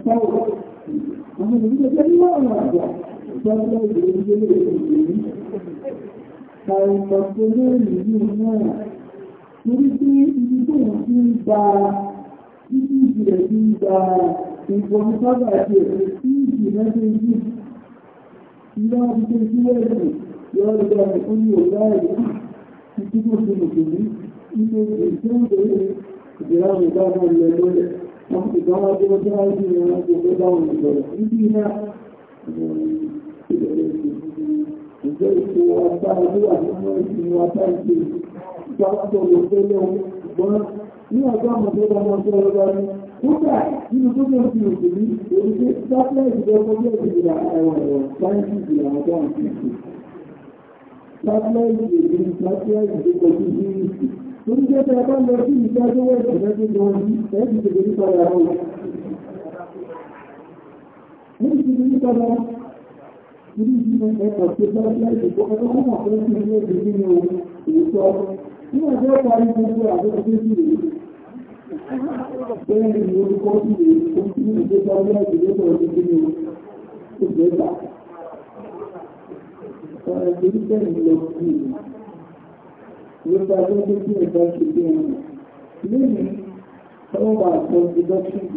sáwọ́ àwọn ìlú tó jẹ́ níwọ̀n àwọn àgbà sáfẹ́ ìlú tó ní mùsùlùmí Àìmọ̀ tó lé ìlú náà, torí pé ibi tó wọ́n ti ń ba títí ìjìnlẹ̀ ti ń ba ìgbọ̀n sábà àti ẹ̀sẹ̀ tí ìjìnlẹ̀ ti ń bí. Ìlú àwọn ìjìnlẹ̀ yọ́ ìjọ ìkú ní òjá ẹ̀rí títí ní ọjọ́ àmọ̀tẹ́gbà ọmọ ọlọ́gbà ní kúkà nínú tó bẹ̀rẹ̀ sí òṣèlú èyí tó sáfẹ́ ìjọpọ̀ bí ẹ̀sìn ìlà ẹ̀wọ̀n ẹ̀wọ̀n sáyẹ́ǹsì ìlà ọjọ́ sáfẹ́ẹ̀sì èdè sáfẹ́ẹ̀sì tó kọjú sí ìsì tó ń jẹ́ tẹ́ẹ̀bá lọ sí ìdájọ́ wẹ̀sì lẹ́gbẹ́ gan ní ẹ̀ẹ́sì tèbè ní sọ́ra wọn ní ìsinmi ní sọ́ra ìlú ìsinmi ẹ̀kọ́ tó sáfẹ́ẹ̀sì tó kọjú sí ìsì ní ẹ̀sì nínú òótọ́ ní ọjọ́ parí gbogbo àgbẹ̀kọ́ tó sì rèé bẹ́ẹ̀ ni orúkọ sí rèé tó ń fi ìgbésọ́ Para evitar los niños. Yo también tengo que estar siguiendo. Miren, solo para consideración.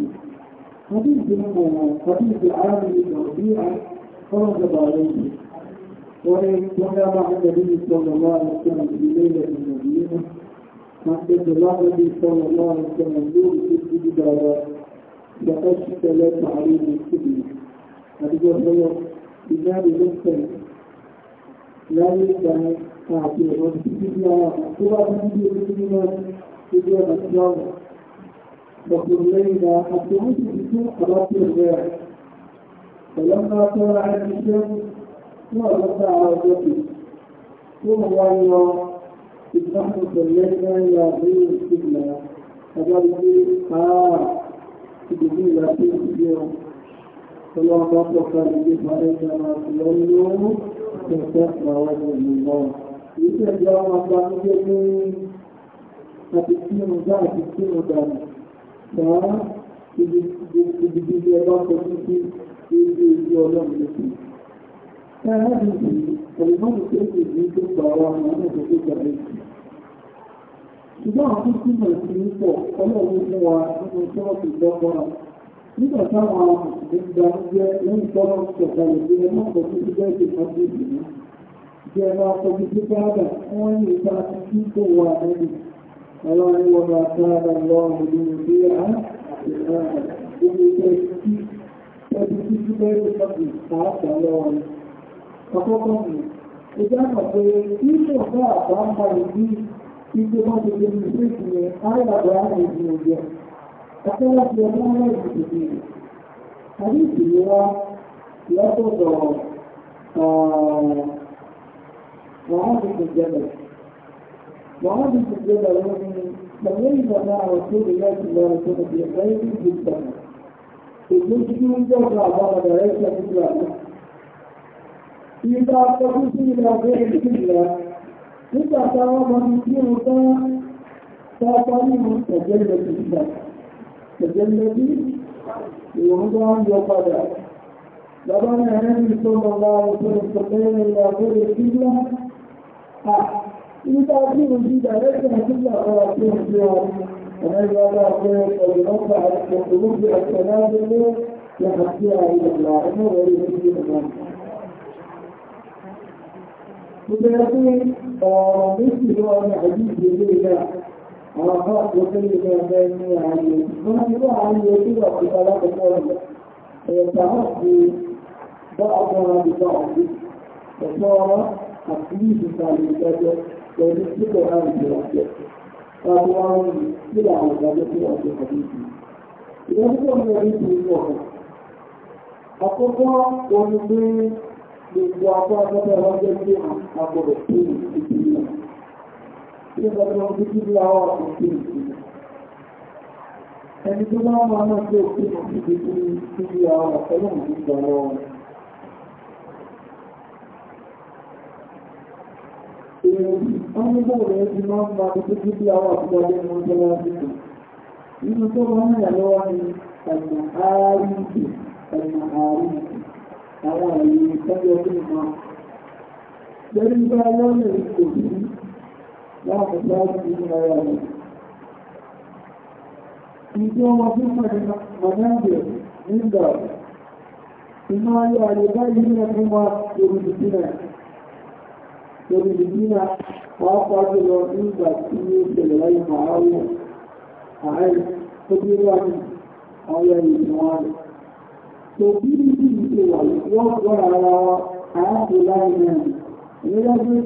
حديث حديث العالم الربيع فرض عليه وكما مع النبي صلى الله عليه وسلم في ليلة المدينة حسب الله النبي صلى الله عليه وسلم نور في الجبال فأشكلت عليه السبيل هذه هو بلاد مسلم lẹ́yìn ìgbà àti ọ̀rọ̀ títí bí ara tó bá bí bí orí tí wọ́n ti jẹ́ ọ̀nà tí ọ̀rọ̀ bọ̀kùn lẹ́yìn ìgbà àti wọ́n ti fi fún ọ̀rọ̀ tí ó rẹ̀ pẹ̀lú ọ̀nà tó ra ẹni iṣẹ́ ní ọ̀rọ̀ tá a ọjọ́ kì tó mọ̀ wá yọ ìgbàmù pẹ̀lẹ́ lẹ́yìn àbí ìgbà ọjọ́ bí àà ìdìbò ìgbà tí ó ti jẹ́ ọ̀rọ̀ ọ̀pọ̀ kan ìgbà استفتحنا وجه الله يسأل يوم الله يجري فتكين جاء تكين دم فهو تجديد الله تجديد تجديد يولم لكي فهذه الإمام الكريم يجب دعوان أنا تجديد عليك ṣùgbọ́n àwọn tó túnmọ̀ sí ń pọ̀ ọlọ́run fún wa nínú sọ́ọ̀tì lọ́gbọ́n nígbà táwọn àwọn ìgbà jẹ́ lẹ́yìn tọ́lọ́ sọ̀kalẹ̀ sí ẹ má kọ̀ọ̀kú sí bẹ́ẹ̀ ti kọ́ sí ìdìbò jẹ́ ẹ máa kọjú sí káàdà wọ́n ní ìta títí tó wà lẹ́nu ẹ̀rọ ìwọ̀n bá káàdà lọ òdì òdì à ìgbà omi tẹ́ sí ẹbí tí sí bẹ́ẹ̀ ti kọ́ sí káàdà lọ́wọ́ rẹ̀. Àkọ́kọ́ mi, ó já Tapi wọ́n ti ọdún mọ́ ìdìbò yìí. Àbí ìdìbò wa lọ́sọ̀dọ̀ wọ́n ti ti jẹ́bẹ̀. Wọ́n ti ti jẹ́bẹ̀ wọ́n ni pẹ̀lú ìgbàgbà àwọn tó lè láti lọ tó lè lè lẹ́yìn ní ìgbà. Èdè tí ó ń gbọ́dọ̀ àwọn ọ̀dọ̀ rẹ̀ ṣe ti gbà lọ. Ìgbà ọdún sí ilẹ̀ ọ̀gbẹ́ ìgbìlẹ̀. Nígbà táwọn ọmọ mi kí tẹ̀lẹ́lẹ́bí ìwọ̀n tó ń yọ padà bàbá náà ẹni tó lọ bá ọjọ́ ìpọ̀lẹ́ ìlà lórí kílá à nígbà tí ó di dàrẹ́kì àtúgbà ọ̀rọ̀ tó ń fi ọ ọ̀nà ìjọba pé ọ̀dùnọ́gbà ìpọ̀lọ́gbà ìpọ̀lọ́gbà يحكي على الله وغيره من الله ويقول مثل هو من حديث جبريل àwọn ọmọ ìpínlẹ̀ ilé ẹgbẹ́ ní ààyè wọ́n ti wọ́n ààyè tí wọ́n ti tọ́lá tó pọ̀ jù ẹ̀ẹ̀ta wọ́n ti bọ́ ọgbọ́n àdìgbà àti ẹ̀fọ́ àti ìdìbà ìgbẹ́jọ́ pẹ̀lú tí kò hàn jù ọ̀jẹ̀ láti wọ́n ń rí sílẹ̀ àwọn ìgbàjọ́ tí wọ́n ti pọ̀ jù ìwọ́n tí wọ́n lọ ní ìlú ọ̀kan àkọ́kọ́ omi gbé gbogbo àpá ọjọ́ nígbà tó ń títí bí àwọn òkè ìsìn ẹni tó bá máa máa tó òkè ìsìn tó ń títí bí àwọn ọ̀pọ̀lọ́ ìgbà lọ Wọ́n ní bóò rẹ̀ ti máa ń bá títí tí bí àwọn àtúgbà lé mọ́ jẹ́lá títò. Inú tó máa ń yà lọ́wọ́ láti láti ní ara rẹ̀. Ìjọ ọmọ fún Mọ̀dáńdẹ̀ nígbà iná ayé ayé báyìí ní ẹkùn wa lórí ìdínà. Lórí ìdínà, wọ́n pàdé lọ nígbà tí ó ṣẹlẹ̀ láyé Màáwọ̀ àárẹ̀ tó bí wà ní ọyọ ìgbìmọ̀ rẹ̀. Tòbí ní ìdí ìṣẹ̀wà wọ́n gbọ́ ara wa àáṣe láyé náà. Ìrìnà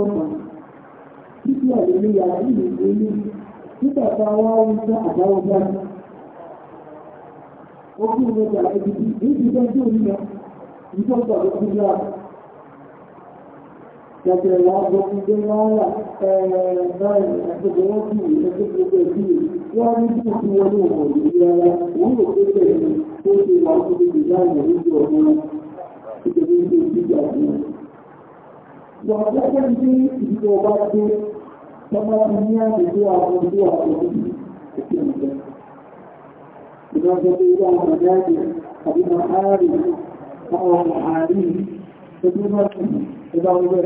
ọmọ títí àlèlúyà ìlú ìlú nígbà tá a wá ń sá àdáwọ̀ bá ó kí ní ọjà ẹbí tí èyí tó tó ń lọ ìjọba ló kú náà Yàtọ̀ ìwà ọgbọ̀n tó ìjọba ìjọba wọ́n lọ́pọ̀ ní ìlú ọba gbé lọ́mọ ti ní àgbègbè àwọn ojú àwọn ojú òkè ọ̀gbẹ́. Ìgbàgbọ́ pé ilé àwọn ọ̀dáàdì àbí màárì àwọn àárín ẹgbẹ́ mọ́tò ẹgbẹ́ ọgbẹ́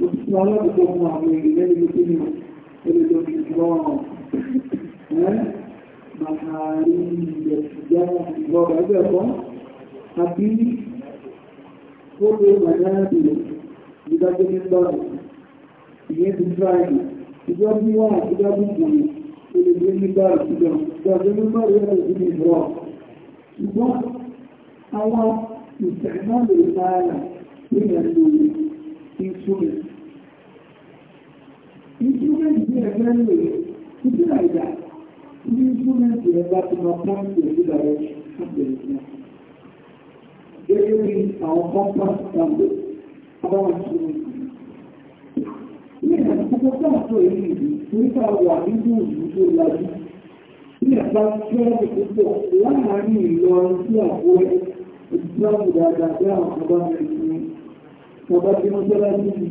Òṣìṣẹ́ alábùkọ́ fún àwọn èèyàn lẹ́nu ló kí ni olóòjọ́ fi gbọ́ọ̀rùn. Màkàrí ilẹ̀ ìjọ́ ìgbọ́ọ̀rọ̀ ẹgbẹ́ ẹ̀kọ́. Àbí ó lè màdára bèèrè ìdájọ́ ní gbọ́ọ̀rọ̀. Ìyẹn ti dráìlì. Ìjọ́ bí wọ́n àti dábù gbòòrò olóòjọ́ ní gbọ́ọ̀rọ̀ ìjọ́. Ìjọ́ ní gbọ́ọ̀rọ̀ yàtọ̀ sí ìgbọ́ọ̀. Ṣùgbọ́n àwọn ìtẹ̀nà lè máa rà ní ẹ̀lú ìṣúlẹ̀ ìtúmẹ̀tì ẹgbẹ́ ń lò ní ìlú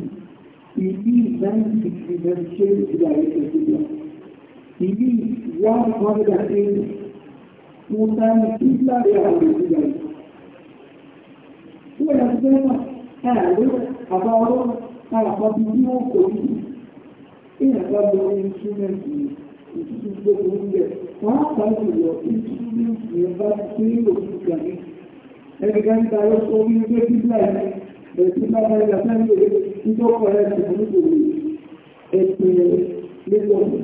Ili 967 idaresi ediyor. Ili 180 Muhtemelen kimler yararlı idaresi. Bu yüzden herhalde kadarı tarafabiliyor koyuyor. İnan ben bunu instrument diyor. İkisinde bunu diyor. Bana sayılıyor. İnstrument diyor. Ben sayılıyor. Yani. Eğer ben daha yok oluyor. Kimler yararlı èsì ti fún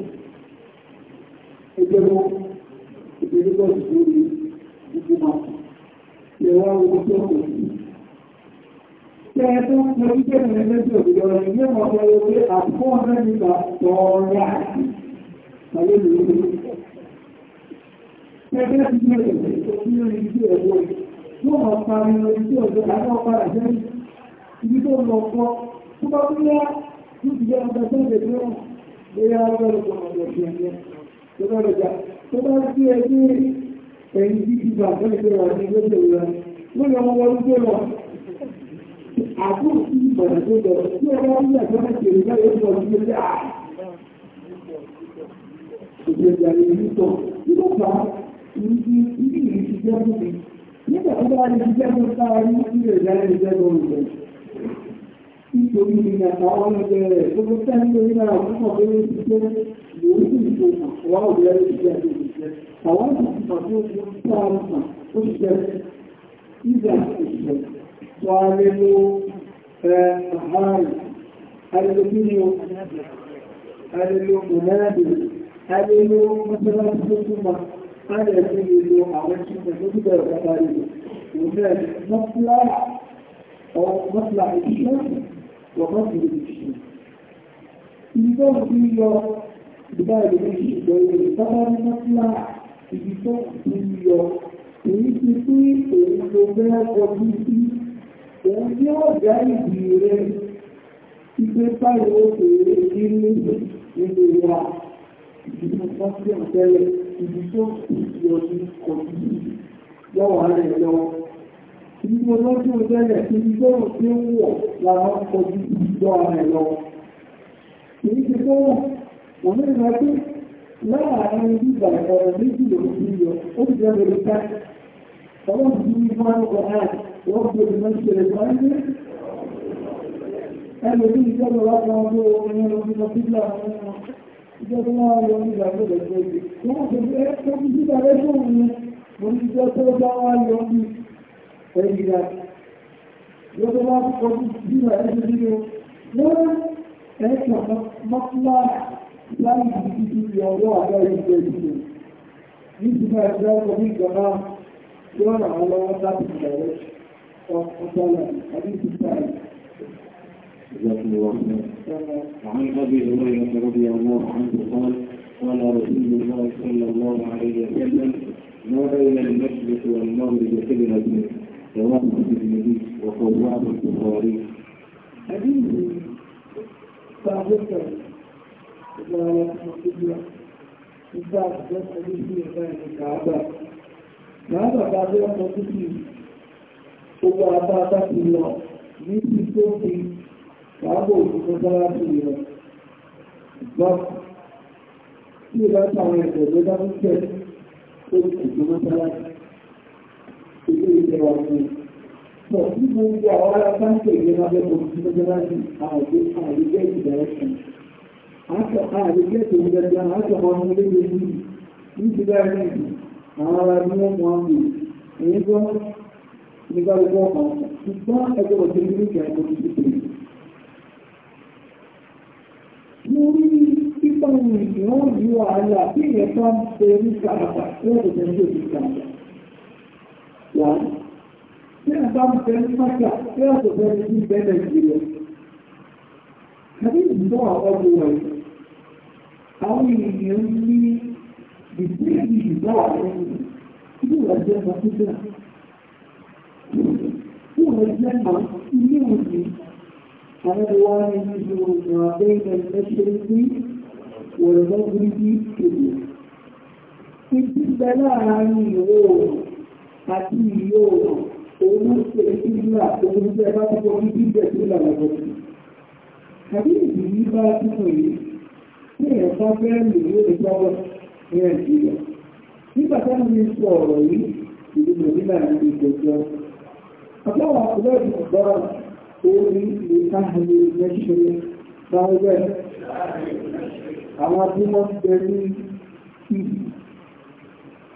ìlú ètò ní ọmọ ọ̀pọ̀ ẹ̀rọ mọ̀ parí lórí tí ọjọ́ àjọ́ padà jẹ́ ibi tó lọ fọ́ tó bá tún yá tó ti yá ọjọ́ tó lè tó lórí ọjọ́ lọ́pọ̀ ọjọ́ ti ẹ̀yẹ tó bá lọ́jà tó bá sí ẹgbẹ́ ẹ̀yìn tí ti bà tó lè tó wà ní gbẹ́gbẹ́ ìwà lórí ọmọ wọn tó lọ àbúrò sí ìbàdàn tó lọ tí ọjọ́ nígbà tó lè tèrè láyé ó lọ sí ẹgbẹ́ àà ìgbẹ̀gbẹ̀ àyè ìrìtọ̀ tí ó bá ìrìtì ìrìtì jẹ́ fún mi nígbà tó bá rí jẹ́ nítorí ìrìnà àwọn ẹgbẹ̀rẹ̀ gbogbo tẹ́ nítorí náà púpọ̀ tó lè ti ìwòsí ìṣòkàn wà òbí ẹ̀rẹ́ ìṣẹ́ àti àwọn ìṣòkàn tó ti pọ̀ àrùn ó ti jẹ́ ìgbà ìṣẹ́ wọ́n ti lè ṣe. Ìjọ ti yọ ìgbà ìrìn ìgbẹ̀rẹ̀ ìjọba mọ́tílá ibi tó ti yọ èyí ti pín èyí tó bẹ́ẹ̀ ọdún sí òun tí ó jẹ́ ìdí rẹ̀ ìgbé páìwó fèrè nílé nínú wa ìdíjọ mọ́tílá tẹ́lẹ̀ ibi tó ti yọ ní kọjú lọ́wọ́ rẹ̀ lọ́wọ́ ibi mo lọ́jú tí ibi tí ó wọ̀ lára ọdún ìjọ ààrẹ lọ. Èyí ti tó wọ̀, wọ́n ní ìrẹ́ pé láàárín ìgbà ọ̀rọ̀ méjì ló ti yọ, ó ti jẹ́ lórí ká. Ọlọ́run ti ní fún àwọn ọ̀rẹ́ wọ́n Wọ́n ti fẹ́ kó bí فإذا يتوافق بما يجري لا هيك مطلع لا يجري في الله لا يجري مثل ما جاء في جماعة يرى على وضع الدرج وقال حديث الثاني جزاكم الله خيرا. وعن ابي هريره رضي الله عنه قال قال رسول الله صلى الله عليه وسلم ما بين المشرق والمغرب كلمه رواه الترمذي وقواه البخاري حديث صاحبك لا يكفي إذا جاء حديث عن الكعبة ماذا بعد أن تكفي هو أباك الله ní ti tó fi ṣàbò òṣìṣẹ́sára sí rẹ̀ gbọ́n tí ó bá tàwọn ẹ̀sẹ̀ tó dájú tẹ̀ tó kù tó mọ́sára sí ilé ìṣẹ́ wa fún un. Sọ ní gbogbo àwọn ará sáńtì èdè máa bẹ́ bọ̀ sí ọjọ́ láti àwọ̀dé àìlẹ́gbẹ́ ìdárẹ́sìn. Àṣọ àìlẹ́gbẹ́ tó ń dẹ́gbẹ́ àṣọ máa mú lé lórí ní ti bá ẹni àwọn ará ní wọ́n máa ń lò. Èyí gbọ́ ní gbàgbọ́ ọ̀hún. Ṣùgbọ́n ẹgbẹ́ òṣèlú ní pípa ìrìn ìwọ̀n yìí wàhálà bí ìyẹn bá ń kàràkà wọ́n tí ẹ bá ń bẹ ní pàtà tí ẹ kò bẹ ní bẹ nàìjíríà kàbí ìgbọ́ ọgbọ̀ wọ̀nyí àwọn ènìyàn ní ìgbé ìgbọ́ àwọn ènìyàn tí wọ́n jẹ́ mọ́ tí wọ́n jẹ́ mọ́ ilé òní àwọn ìwọ́n ní ìṣòro ìrìn àbẹ́yìn ẹ̀ṣẹ́ wọ̀rọ̀ lọ́gbìrì bí ìṣòro. Ìgbìgbẹ́ láàárín ìwọ̀ òòrùn àti ìyó òun ṣe ìpínlẹ̀ òun jẹ́ bá tó kọ́ bí jẹ́ sí ìlànà ọ̀pọ̀. Àbí ìdí bá tuntun yìí, tí èèyàn kan fẹ́ lè ló lè tọ́wọ́ ní Nàìjíríà. Nígbà tó ń sọ ọ̀rọ̀ yìí, ìlú Nàìjíríà ní ìgbẹ́jọ́. Àbáwọn àkùrẹ́ ìgbọ́ orí lè káàlì lẹ́ṣẹ̀rẹ̀ báwẹ̀.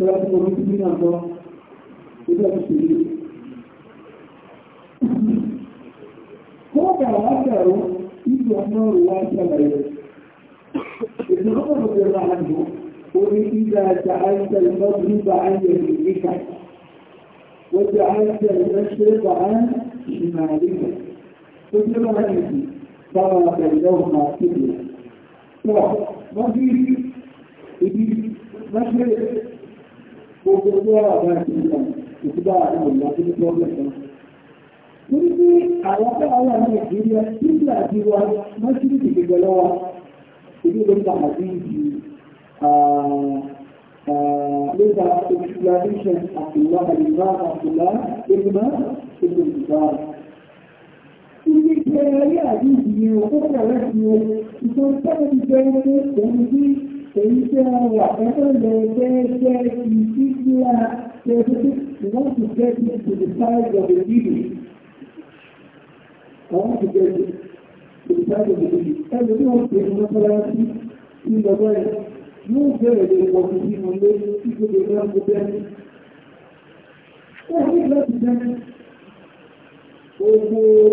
lọ́wọ́ tí wọ́n ti gbìyànjú àgbọ̀ ìgbà tó ṣe yìí. Kọ́ọ̀kà látàrọ ìgbà náà wá ṣàlàyé. Ìjọba ọ̀dọ̀ rà àjò orí ìgbà àjà àìsàn lọ́dún nígbà ayẹ̀ ìgbà. Wọ́n ti àìsàn lọ́ṣẹ́ bà á ṣìmàlíkà. Ó ti lọ́wọ́ àìsàn báwọn àbẹ̀lẹ́wọ̀n máa kéde. Wọ́n fi ibi mẹ́ṣẹ́ gbogbo tí wọ́n wà bá ti ń tàn ìtúbà àwọn ìgbà tó ní problem kan. Níbi tí àwọn tó àwọn àwọn Nàìjíríà títí àti wa wọ́n ti ti gbogbo lọ́wọ́ ìlú ló ń bá àti ìdí lóba explanation àtìwá àdìwá àtìwá ìgbà ètò ìgbà. Ilé ìgbẹ́ ayé àdìsí ni ó kọ̀ láti ìwọ̀n ìtọ́jú tẹ́lẹ̀ ti jẹ́ ẹgbẹ́ èyí tí wọ́n wà pẹ́pẹ́ lè jẹ́ jẹ́ ìdí tí a ṣe fífi wọ́n ti jẹ́ to the side of the baby. Àwọn to the side of the baby. Ẹni tí wọ́n pè ní mọ́sálásí ní lọ́gbọ́ ẹ̀ yóò bẹ̀rẹ̀ lè pọ̀ sí nínú ilé tí kò lè máa ń bẹ́ Wọ́n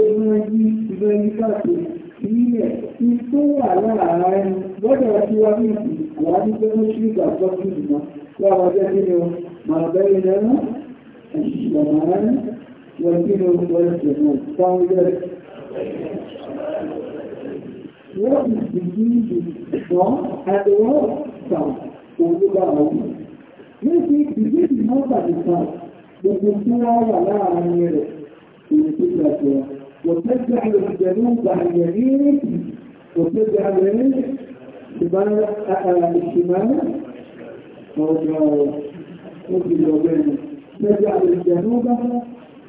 ọmọ yìí ìgbẹ́ yìí káàkiri sílẹ̀ tí tó wà láàárá ẹni lọ́dọ̀ tí wá ní ìsìn àwọn adúgbò ní ṣíríkà tọ́jú ìmọ̀ láwọn ọjọ́ kí ni o máa bẹ́rẹ̀ lẹ́nu ẹ̀ṣìṣẹ́ màá rẹ̀ wọ́n kí ni o wọ́n ṣe mọ̀ وتجعل الجنوب عن يمينك اليمين شمال آه، الشمال تجعل الجنوب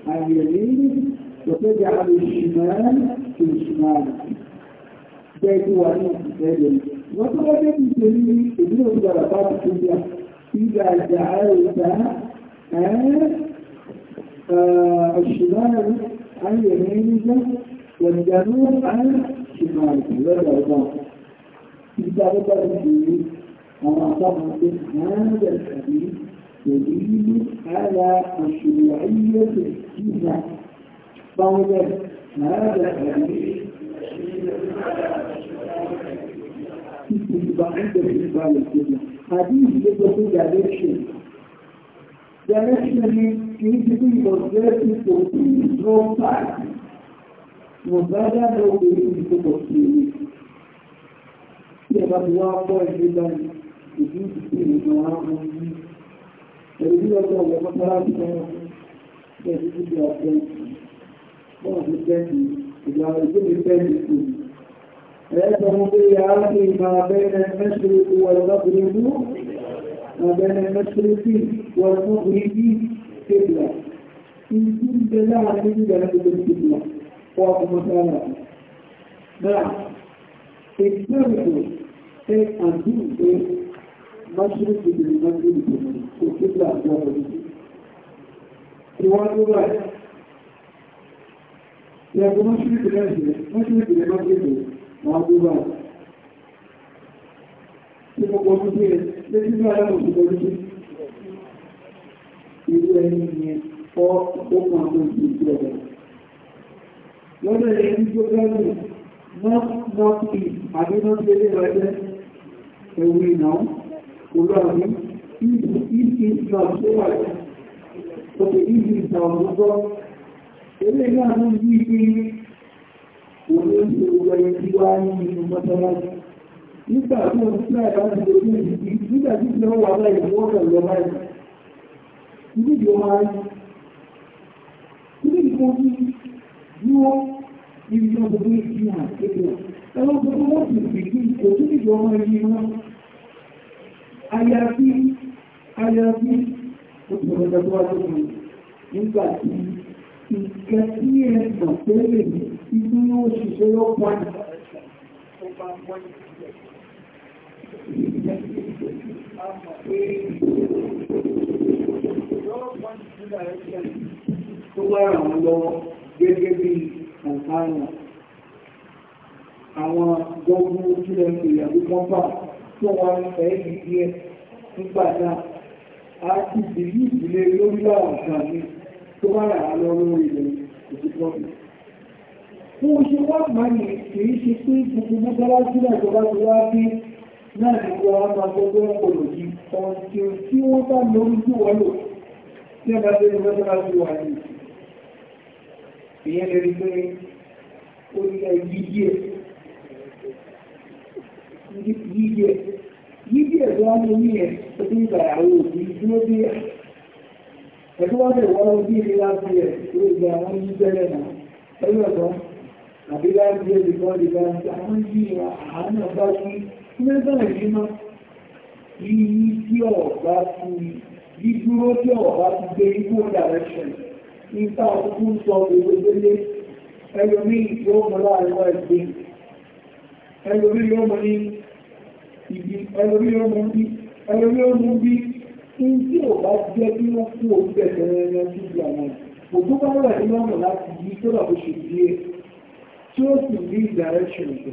عن اليمين وتجعل الشمال في الشمال بيت وعيد بيت وطلبت الجميل ابن الضربات الدنيا إذا جعلت آه، آه، الشمال عن يمينه والجنوب عن شماله ولا إذا بدأ فيه وما صار هذا الحديث يدل على مشروعية الجهة فهو هذا الحديث على مشروعية الجهة حديث على مشروعية شيء Directionally, easily was directed to the wrong side. No matter how the people perceive it. Tí ẹ bá ti wá pọ́ ẹgbẹ́ báyìí, ìdí ti pè é ní àwọn ọmọ yìí. Ẹ̀rí bí ọjọ́ ọ̀gbẹ́ pátára ti sọ bẹ́ẹ̀ one ti ọ̀pẹ́ bọ́ọ̀ ti bẹ́ẹ̀ni, ìgbà ìgbé mi bẹ́ẹ̀ni kù. Ẹ̀ẹ́dọ̀mọ́ pé yàrá ní ìgbà abẹ́rẹ́ mẹ́sìlẹ̀ ìwọ̀n lọ́gbẹ̀rẹ̀ وبين المشرق والمغرب قبلة إن كنت لا أريد أن أكون قبلة وأقوم تعالى نعم اجتنبوا take and do a مشرق بالمغرب قبلة وقبلة Ìwọ́n tó báyìí, ìyàgbọ́n mọ́ṣírí ìpínlẹ̀ ìṣẹ̀lẹ̀, mọ́ṣírí ìpínlẹ̀ mọ́ṣírí ìpínlẹ̀ wọ́n tó báyìí. tí mo gbọ́ fún bíi lé nínú aláwọ̀ òṣìṣẹ́ lójú. Irú ẹni ni fọ́ òkun àwọn òṣìṣẹ́ ìjọba. Lọ́dọ̀ ẹni tó gbọ́dọ̀ not not in àbí not lé lé rẹ̀ ẹ̀wù ìnáwó òru àbí ìdí ìgbà tó wà rẹ̀. Òkè ìdí ìgbà ọ̀gbọ́n. Eré náà ló ń bí i pé òun ló ń ṣe gbogbo ẹni tí wá ní inú nígbà tí wọ́n ti láì bá ti lè fún ìdí nígbà tí ìlú wà láì wọ́n kàn lọ báyìí ilé ìjọ máa ń ilé ìjọ ní dúró ibi náà gbogbo ìdí hàn kéde ẹ̀rọ gbogbo wọ́n ti fi kí kò tí ìjọ máa ń yí wọn àyàfi àyàfi ó ti lọ sọ wá lóko nígbà tí ìkẹ́ tí ẹ̀ gbọ̀n tẹ́lẹ̀ ìdúró òṣìṣẹ́ yóò pọ́n tó wá àwọn lọ́wọ́ gẹ́gẹ́ bí ọ̀tàrà àwọn gbogbo ojúlẹ̀ ìyàwó pọ́pá tó wá ẹ̀ẹ́dì díẹ̀ nígbàdá a ti sì ní ìdílé lórí láwọn ìsàmì tó bá rà lọ lórí ilẹ̀ òsìkọ́bì fún oṣù wọ́n máa ní kìí ṣe pé gbogbo mọ́sálásí náà tó bá ti wá bí náà ní kí wọ́n máa tó tó ń kòlò yìí ọ̀n tí ó tí wọ́n bá lórí tí wọ́n lò tí ẹ̀bá tó ní mẹ́ta láti wà ní ìyẹn lè rí pé ó ní ẹ yíyí ẹ̀ yíyí ẹ̀ yíyí ẹ̀ tó wá ní orí ẹ̀ tó ní ìgbàyàwó òbí dúró bí ẹ̀ ẹ̀tọ́ wá bẹ̀rẹ̀ lọ bí ilé láti ẹ̀ tó ìgbà àwọn yí bẹ́rẹ̀ náà ẹgbẹ̀rún àbí láti ẹ̀ lè kọ́ lè bá àwọn yí àánú bá sí nígbà ìrìnà yìí tí ọ̀gbá ti dídúró tí ọ̀gbá ti gbé ikú direction ní táàkùkù sọ gbogbogbélé ẹlòmí ìjọ mọ́lá àríwá ẹgbẹ́ ẹlòmí yóò mọ́ ní ìdí ẹlòmí yóò mọ́ bí ẹlòmí yóò mọ́ bí ní tí ọ̀gbá jẹ́ kí wọ́n fún òun bẹ̀rẹ̀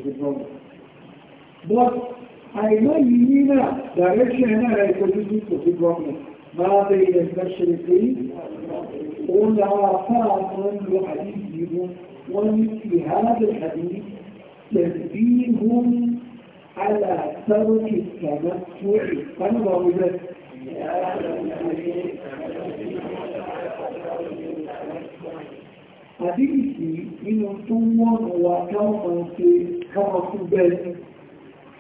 problem But I know you need a direction and a resolution for the problem. Máa bẹ ilẹ̀ ìgbẹ́ṣẹ̀lẹ̀ pé ó lára fáà wọ́n lọ àdíjì wọn wọ́n ní ti hàádẹ̀ àdíjì tẹ̀bí hún alàtàrókè tàbí tó rẹ̀ pánàbà wọlé. Àdíjì sí inú tó wọ́n wà káwọn ṣe káwọn fún bẹ́ẹ̀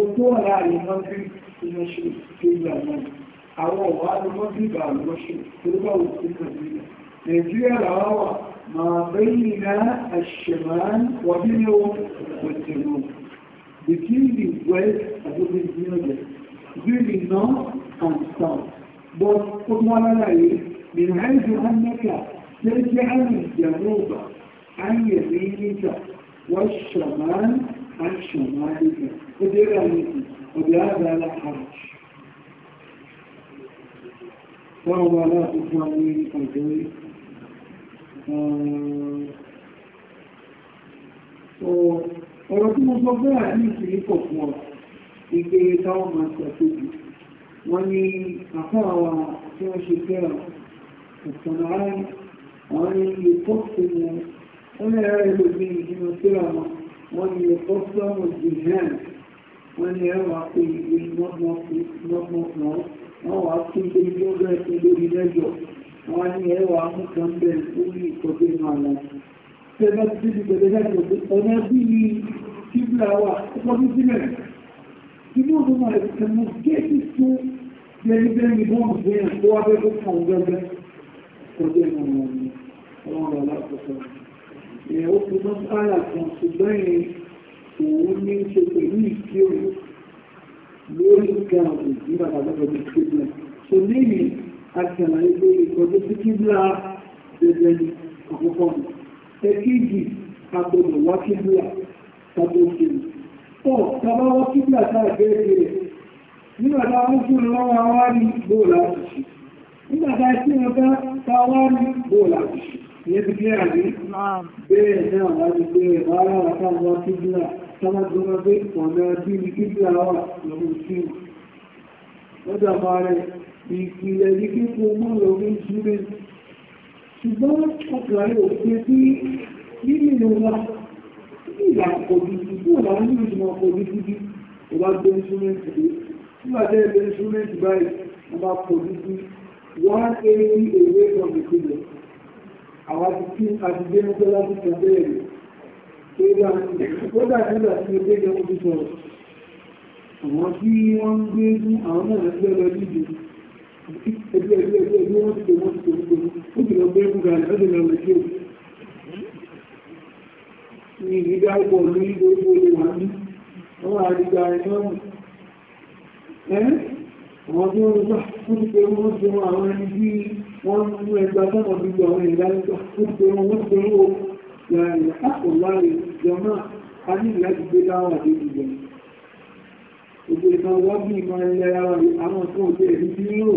gbogbo tó wà láàrin mọ́tí iná ṣe kéjà náà àwọn ọ̀wá ní mọ́tí ìgbà lọ́ṣẹ̀ tó bá wò sí nàìjíríà nàìjíríà làwọn wà máa bẹ́yìn náà àṣẹ̀máà wà bí ní ohun òtẹ̀lú between the west and the middle between the north and south but ó mọ́ lálàyé من حيث أنك تجعل الجنوب عن يمينك والشمال عن شمالك فدير عليكم وبهذا لا حرج فهو لا تسمعون الجوي ọ̀rọ̀ tí mo sọ bẹ́ẹ̀ ní ìṣẹ̀lẹ̀ pọ̀ fún ọ ìgbé táwọn máa ṣàtòjì wọ́n ní àfáàwà tí wọ́n ṣe fẹ́ràn ọ̀sán àárín àwọn ilé pọ́ọ̀sì wọn wọ́n lẹ́rẹ́ ìlú ní wọ́n ní ilé pọ́ọ̀sì wọn wọ́n ní ẹ̀rọ wá pé ìwé lọ́gbọ̀nkan wọ́n wá tún pé lọ́gbọ̀ ẹ̀sìn lórí lẹ́jọ́ wọ́n ní ẹ̀rọ amúkan bẹ̀rẹ̀ lórí ìkọ̀dé máa lọ. Ṣẹ́gbẹ́ ti ti bẹ̀rẹ̀ lẹ́jọ́ pé ọ̀nà bí i kíbla wà ọkọ̀dún sílẹ̀. Inú ọdún máa lè tẹ̀ mú géètì fún bẹ́ẹ̀ni bọ́ọ̀mù bẹ́ẹ̀ tó wá òun ní ṣe pẹ̀lú ìkírò lórí nǹkan ọ̀gbìn nígbà tàbí ọdún kíbla so lẹ́yìn àtàlàyé pé ìtọ́jú sí kíbla dandan ní àkọ́kọ́ mi ẹ̀kejì agbọ̀dọ̀ wá kíbla tàbí òkèlè pọ̀ tàbá wá kíbla tàbí ẹgbẹ́ rẹ̀ nígbà tá wọ́n fún lọ́wọ́ àwárí يبكي عليه نعم بيه نعم هذه بيه غاية كان الله كبلة كما جربي وما دين كبلة لهم سين وده قال ìpìlẹ̀ ní kí kò mọ́ lórí ìṣúrẹ́ ṣùgbọ́n ọkùnrin òfin sí nínú wa ìgbà òbí ìgbò láwọn ní ìjìnà òbí títí ọba gbé ìṣúrẹ́ǹtì dé nígbàtẹ́ ẹgbẹ́ àwọn ti kí àdìgbé ní pẹ́lá ti tẹ̀ bẹ́ẹ̀rẹ̀ tó dá ó dá nígbà tí ó gbẹ́gbẹ́ ó ti sọ̀rọ̀ àwọn tí wọ́n ń gbé ní àwọn náà ẹgbẹ́ lọ díje ẹgbẹ́ ẹgbẹ́ ẹgbẹ́ ẹgbẹ́ wọ́n ti tẹ̀ wọ́n ti tẹ̀ wọ́n ó ti lọ gbé gbúgbà rẹ̀ lọ́dẹ̀ lọ lẹ́jọ́ ní ìgbà ọkọ̀ ní ìgbà ọkọ̀ lè wà ní àwọn àdìgbà ẹ̀nọ́mù ẹ́ àwọn tí wọ́n ń gbà ó ti tẹ̀ wọ́n ti tẹ̀ wọ́n wọ́n mú ẹgbà tọ́nà gbogbo àwọn ìlànà fúnpẹ̀rún wọ́n pẹ̀rún o ìrìnlẹ̀ àpọ̀ láàrin jọmọ́ a ní ìlàjì gbé dáwọn àdéjì jẹ òjò ìkan wọ́n bí ìmọ̀ ilẹ̀ ara àwọn tó òjò èrí bí rò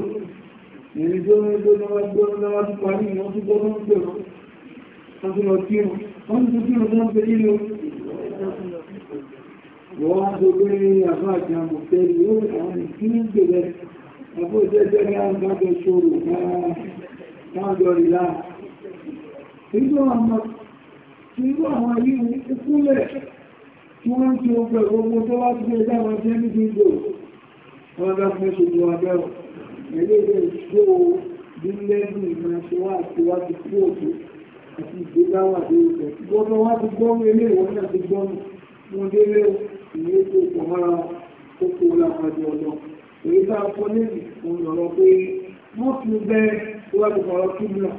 ẹni tó ń gbé lọ́wọ́ gbé lọ́wọ́ tó parí ìwọ́n tó gbọ́ lọ́wọ́ Àbú ìjẹ́jẹ́ ní àjọ́jọ́ ṣòro láàájọ́ ìlà. Irú àwọn ayé ìkúnlẹ̀ tí wọ́n ń tí ó pẹ̀ gbogbo tó wá ti gbẹ̀ẹ́gbẹ̀ àwọn jẹ́ ní gbogbo ọ̀dá fún ṣojú abẹ́rọ̀. Ẹgbẹ́ ìṣó bílẹ́bù ìmọ̀ ṣe wá àti wá ti kú òkú àti ìgbégáwà tó ìfẹ̀. Gbogbo wá ti gbọ́ ilé ìwọ̀n náà ti gbọ́nù. Wọ́n délé ìwé tó pọ̀ mọ́ra tó kó lápájọ ọlọ́pàá èyí bá fọ́ lẹ́nu òun lọ́rọ̀ pé wọ́n fi bẹ́ẹ̀ wọ́n ti kọ̀ọ̀rọ̀ kí ni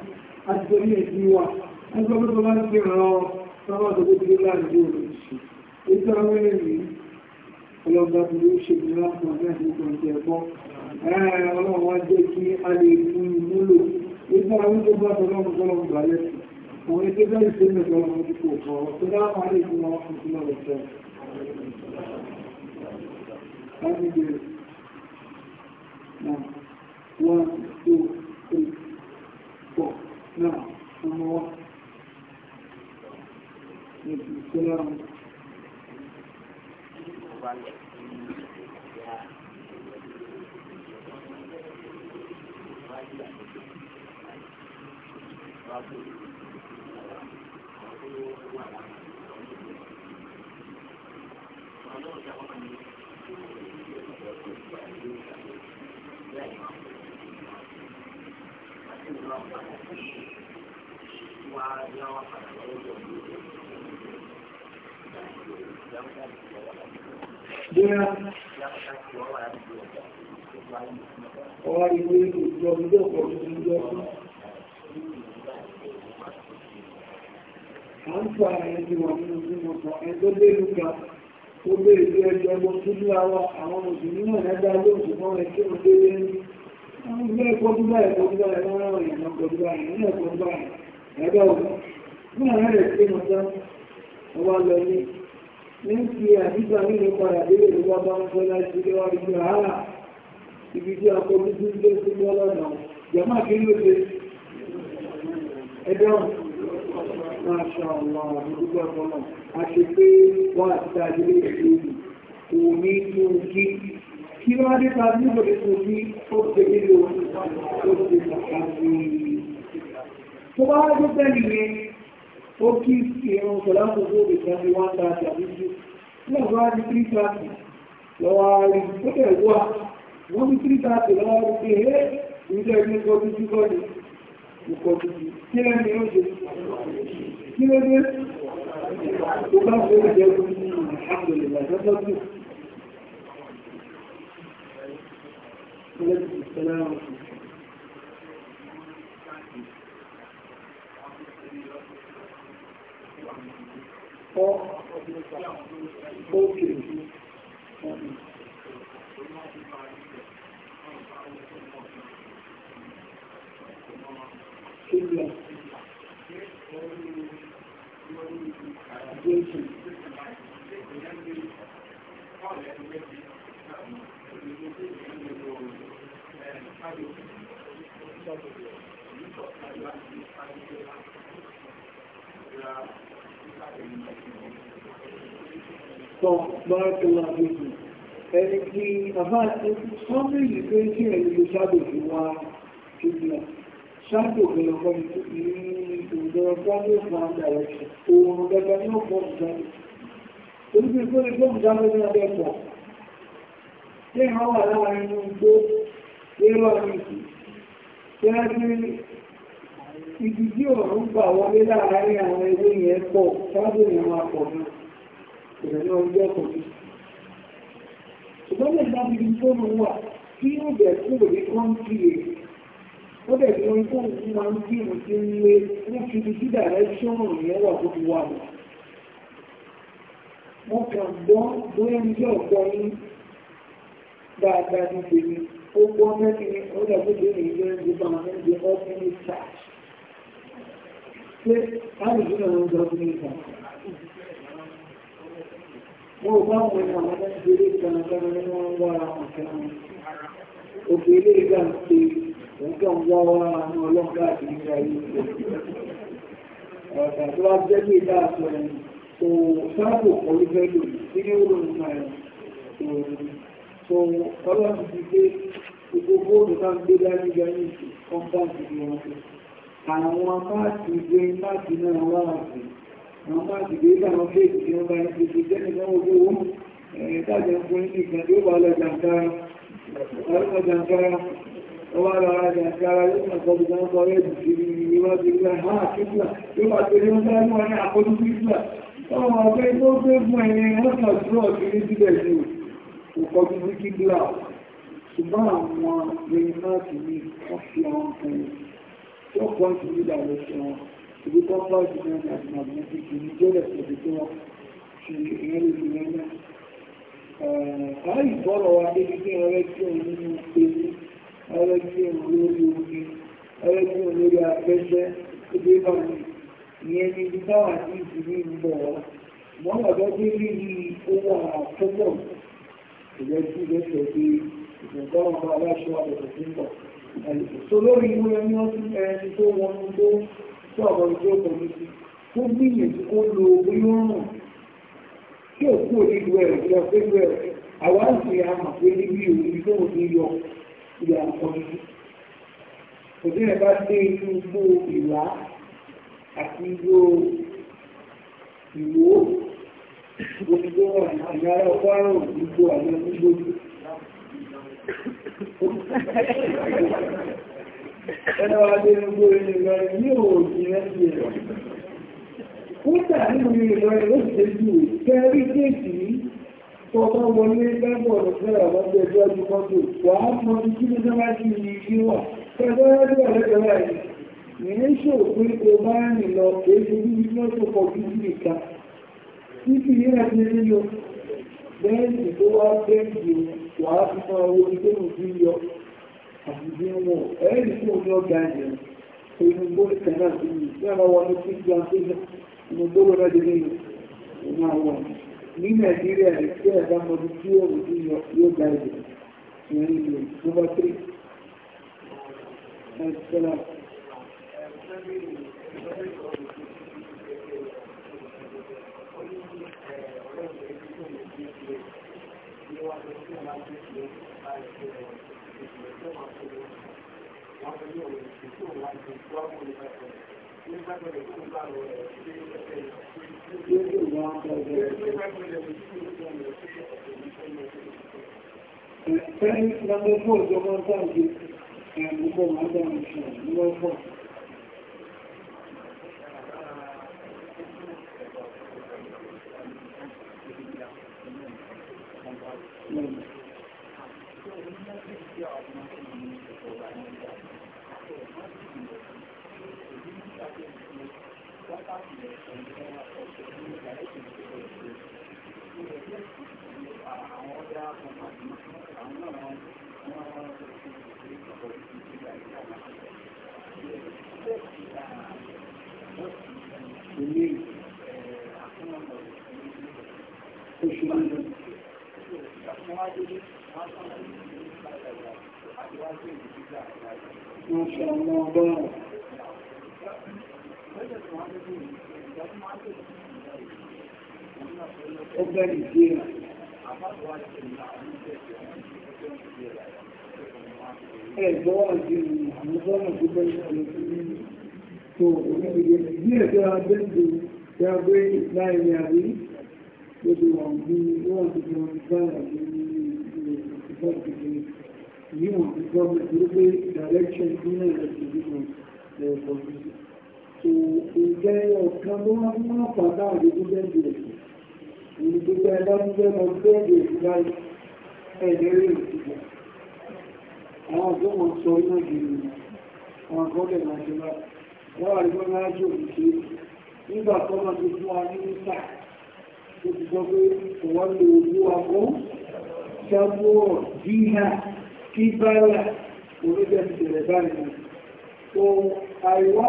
àti torí ẹ̀sìn wa ẹgbẹ́ tó bá ń fi ràn ọ́ sábà tó tó ti láàrin bí òun ṣe èyí tó àwọn ẹ̀rí ọlọ́gbà tó ló a lè fún un múlò èyí tó àwọn tó bá tọ́lọ́ ọlọ́run gbà lẹ́sìn àwọn ẹgbẹ́ bẹ́ẹ̀ ṣe ń lọ ọmọ tó kò kọ́ tó dáhùn àlè fún wọn fún sílẹ̀ ọ̀sẹ̀ one two three four nine one níbi ìṣẹ́lẹ̀ ọ̀hún. Thank you. Dia orang ibu itu jual juga kok jual. Àǹfààní ẹni wà nínú sí ọ̀pọ̀ ẹgbẹ́ lérú ga tó bèèrè bí ẹjọ́ ọmọ tó ní àwọn àwọn òṣèlú náà lẹ́gbẹ́ alóòsù mọ́ rẹ̀ kí wọ́n dé lé ní. Àwọn ilé ẹ̀kọ́ tó báyìí kọjú báyìí lọ́wọ́ ìrìnà kọjú báyìí, ilé ẹ̀kọ́ báyìí ẹgbẹ́ òun ní àwọn rẹ̀ tí mo tán mo wá lọ ní ní ti àdúgbà nínú padà délé ló wá bá ń fẹ́ láti ilé wa ìlú àhálà ibi tí a kọ dúdú ń sí lọ́lọ́nà jàmáà kí ló ṣe ẹgbẹ́ òun máa ṣe àwọn àdúgbò ọ̀pọ̀ náà a àti tàbí ìlú òní tó kí kí wọ́n á dé tàbí ìlú òní tó kí ó ṣe nílò ó ṣe pàtàkì tó bá wájú pẹ́lú yẹn ó kí ìrun sọ̀láńtò tó lè jẹ́ bí wọ́n ta àtàbí jù ní ọ̀gá ní tírí tààtì lọ́wọ́ rí tó bẹ̀rẹ̀ wà wọ́n ní tírí tààtì lọ́wọ́ rí pé ẹ́ ìjọ ilé kọ́ tuntun kọ́ ni ìkọ̀ tuntun kí lẹ́ ní oṣù kí ló dé tó bá fẹ́ jẹ́ alhamdulillah lọ́jọ́ tó Thank you. four Thank you sọ lọ́rọ̀tọ́lá gbogbo ẹni tí bàbá àti sọ́mọ̀ yìí pé kí ẹni ló ṣáàbò fún wa ṣùgbọ́n ṣáàbò gbẹ̀rọ̀kọ́ ní ìgbẹ̀rọ̀kọ́ ní ìfún àdàrẹ̀ oòrùn gẹ́gẹ́ ní ọ̀pọ̀ ìdájọ́ orí pé ìgbẹ́ ìdájọ́ ní abẹ́ pọ̀ tí ìhàn wà láàrin inú igbó lérò àmì ìsìn ibi tí ọ̀rọ̀ ń gbà wọlé láàárín àwọn ewé yẹn pọ̀ ṣáàbùn ìwọ̀n àpọ̀jù ìrẹ̀lẹ̀ ọjọ́ ọ̀pọ̀jù ṣùgbọ́n lè bá ibi tó wà kí ó bẹ̀ kúrò ní kọ́ńtìrì ó bẹ̀ tí wọ́n tó ń máa ń kí ìrùn tí ń lé ní fi ibi tí dàrẹ́ṣọ́n yẹn wà tó fi wà lọ. wọ́n kàn gbọ́ bóyá ní ọjọ́ ọ̀gbọ́ yín dáadáa ní tèmi ó gbọ́ mẹ́rin ó dàgbé lónìí lónìí bá wọn pé láàrín ìlú ọ̀rọ̀ ọjọ́ ní ìgbà. Wọ́n bá wọn ní àwọn ọmọdé kanákaná ní wọ́n wá àwọn kan. Òkè ilé ìgbà ń pe òǹkà ń wá wá àwọn ọlọ́gbà àti nígbà yìí. Ọ̀gá tó wá jẹ́ bí ìdá àtọ̀ ẹ̀ kò sáàbò pọ̀lú fẹ́lú nínú òrùn nípa ẹ̀. So, ọlọ́run ti gbé gbogbo bóòlù náà gbé dání gan-an ní àwọn máàkì gbé máàkì náà wá àti àwọn máàkì gbé ìdáwọn fèèkì tí wọ́n bá ń fi jẹ́ni lọ́wọ́ owó ẹ̀ẹ́dájọ fún ní ìgbà tí ó bá lọ jàǹkára ọlọ́pọ̀ jàǹkára ọwá lọ́ra jàǹkára yóò mọ̀ sọ́bí kan kọ́ rẹ̀ jù sí iwájú ilẹ̀ àwọn àkíkà yóò bá tẹ̀lé ń bá mú ẹni àkójú kíkà ọmọ ọ̀gbẹ́ tó gbé fún ẹni lọ́sàn tó ọ̀gbẹ́ tí ó pọ̀ jù nígbà lọ sí wọn ibi tó pọ̀ jù náà ní àti màbí ti fi ní jẹ́lẹ̀ pẹ̀lú tí wọ́n ṣe ìyẹn lè fi yẹn náà. Báyìí bọ́rọ̀ wa débi pé ọrẹ́ jẹ́ òun nínú ewu, ọrẹ́ jẹ́ òun lórí omi, ọrẹ́ jẹ́ òun lórí afẹ́fẹ́, ó dé bá mi. Ìyẹn ni ibi táwọn àti ìdílé ń bọ̀ wá. Wọ́n wà lọ́dún ní owó àkọ́kọ́ ìrẹsì lẹ́sẹ̀ pé ìgbọ̀ngàn ọba aláṣọ àbẹ̀tẹ̀ ti ń bọ̀ tó lórí ìwé ẹni ọdún ẹni tó wọn ní tó tó ọ̀rọ̀ ìjọ pẹ̀lú sí tó gbìyànjú kó lo orílẹ̀-èdè tí ò kú òní ìlú ẹ̀rọ ìjọ pé ìlú ẹ̀rọ àwọn àti àmà pé níbi òní tó ò ní yọ ìyá ọ̀pọ̀lú sí òbí rẹ̀ bá dé inú igbó ìlà àti igbó ìwò òbí tó wà àyàrá ọgbárùn-ún igbó àyàrá igbó ẹni wá dé gbogbo ní òòjì rẹ́sì ẹ̀rọ kúta nínú ìrìnlọ́rin ó ṣe jù kẹrí kéèkì tọ́tọ́ wọlé ní kí ló dára sí ní ilé wà kẹgbẹ́ ẹgbẹ́ ní ṣòro ní mọ́tò kọjú sí ìka títí yíra wàá fi fún owó ilé òfin yọ àbùdí wọn ẹ̀rí fún omi ọgbà ẹ̀yẹ tó inú gbóòrò kan náà sí ní ìfẹ́ ọwọ́ ní six plantation inú gbóòrò náà dé nínú ìmọ̀ àwọn ní nàìjíríà yọ yóò gba ẹ̀yẹ ìrìn ìlú number three Thank you. Ẹni lọ́gbọ́n fún ọjọ́ ń dáàbò ẹ̀rùn pọ̀ máa dáàbò ṣe lọ́gbọ́n. Mm. Masha Allah bẹ́ẹ̀. Ó bẹ̀rẹ̀ díẹ̀. Ẹ̀gbọ́n àti àwọn ọmọ tó bẹ̀rẹ̀ ọ̀rọ̀ sí ní tó orílẹ̀-èdè díẹ̀ tó a bẹ́ẹ̀dẹ̀ tí a gbé láìrí àrí gbogbo àwọn ọmọ tí wọ́n ti fi wọn bá àrí ní ìfẹ́ ìfẹ́ new of the government, the way direction inner the division the policy. So ǹjẹ́ ọ̀kan ló wá ní wọ́n pàdá àdébú bẹ́ẹ̀dì rẹ̀. Èyí tó bẹ́ẹ̀ bá ń bẹ́ẹ̀ lọ bẹ́ẹ̀dì rẹ̀ báyìí ẹ̀jẹ̀ rẹ̀ ìdìbò. Àwọn tó wọ́n sọ iná jìnnì àwọn akọ́lẹ̀ máa ṣe bá. Wọ́n wà lọ́wọ́ náà jò ní ṣe. Nígbà tó máa ti fún wa ní níta, kí bára orílẹ̀ ìṣẹ̀lẹ̀ báyìí so àìwá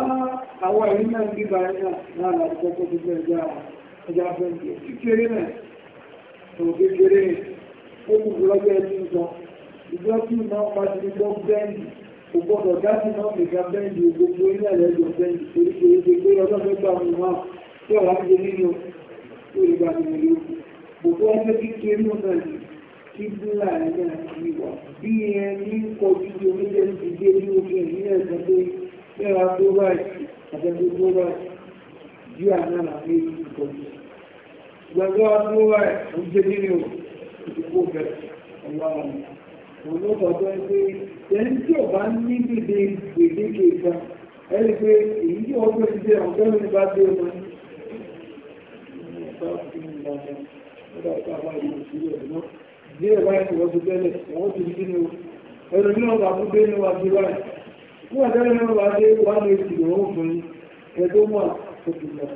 àwọn ìlú náà bí báyìí náà láti kọ́kọ́ tó fẹ́ já ọjà fẹ́ǹkì kékeré náà tó kékeré ó kù lọ́jọ́ ẹni sọ ìjọ tí máa pa sí gbọ́ bẹ́ẹ̀ndì kò gbọ́dọ̀ dájú náà nìkan bẹ́ẹ̀ndì gbogbo ilé ẹ̀lẹ́jọ bẹ́ẹ̀ndì torí pé ó ti gbé ọlọ́fẹ́ gbà mí náà tí ọ̀rá ń nínú tó ìgbà gbogbo ọjọ́ kékeré náà kíbílà náà ti wà bí ẹni kọjú bí oníjẹ́ ti gbé ní ojú ẹ̀mí ẹ̀sán pé yára tó báyìí àtẹ́gbẹ́ tó báyìí bí àná làwọn èyí ti kọjú. Gbàgbọ́ tó báyìí ó jẹ́ nínú ìdìbò bẹ̀rẹ̀ ọ̀la ọ̀la. Òun ló kọjọ́ pé ẹni tí ò bá ní gbèdé gbèdéke ìgbà ẹni pé èyí tí ọgbẹ́ ti dé ọ̀gbẹ́ mi bá dé ọmọ ní. Ìgbà tó ń bá ọ̀gá ọ̀gá ìlú ìṣúlẹ̀ náà bí ẹ̀wá ẹ̀kọ́ wọ́n ti tẹ́lẹ̀ wọ́n ti rí ní ẹ̀rọ ní ọba fún bẹ́ẹ̀ ní wa ti wá ẹ̀ fún àtẹ́lẹ̀ ní ọba dé wà ní èsì ìwọ̀n fún ẹ̀tọ́ mọ́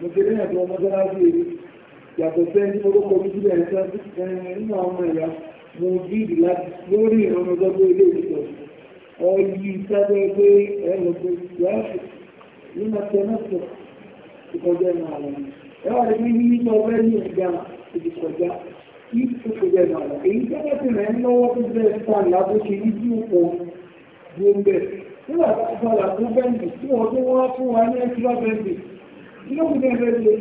òkèlè àti ọmọ sọ́lá sí èrè yàtọ̀ sẹ́ni orúkọ bíbí ẹ̀ nínú ọmọ ẹ̀yà mo bíbí láti lórí ìrànlọ́ gbogbo ilé ìjọ ọyí sábẹ́ ìmọ̀ àwọn ẹ̀wà ní ní ọgbẹ́ ní ìgbà ìdìkọjá kí kókò jẹ́ máa lọ èyí tẹ́lẹ̀ tí rẹ̀ ń lọ́wọ́ tó jẹ́ sàn lábó ṣe ní bí òkò bí ó ń bẹ̀ nígbà tó ti sọ̀rọ̀ tó bẹ́ǹdì tí wọ́n tó wá fún wa ní ẹ̀kílọ́ bẹ́ǹdì kí ló kún bẹ́ẹ̀ lè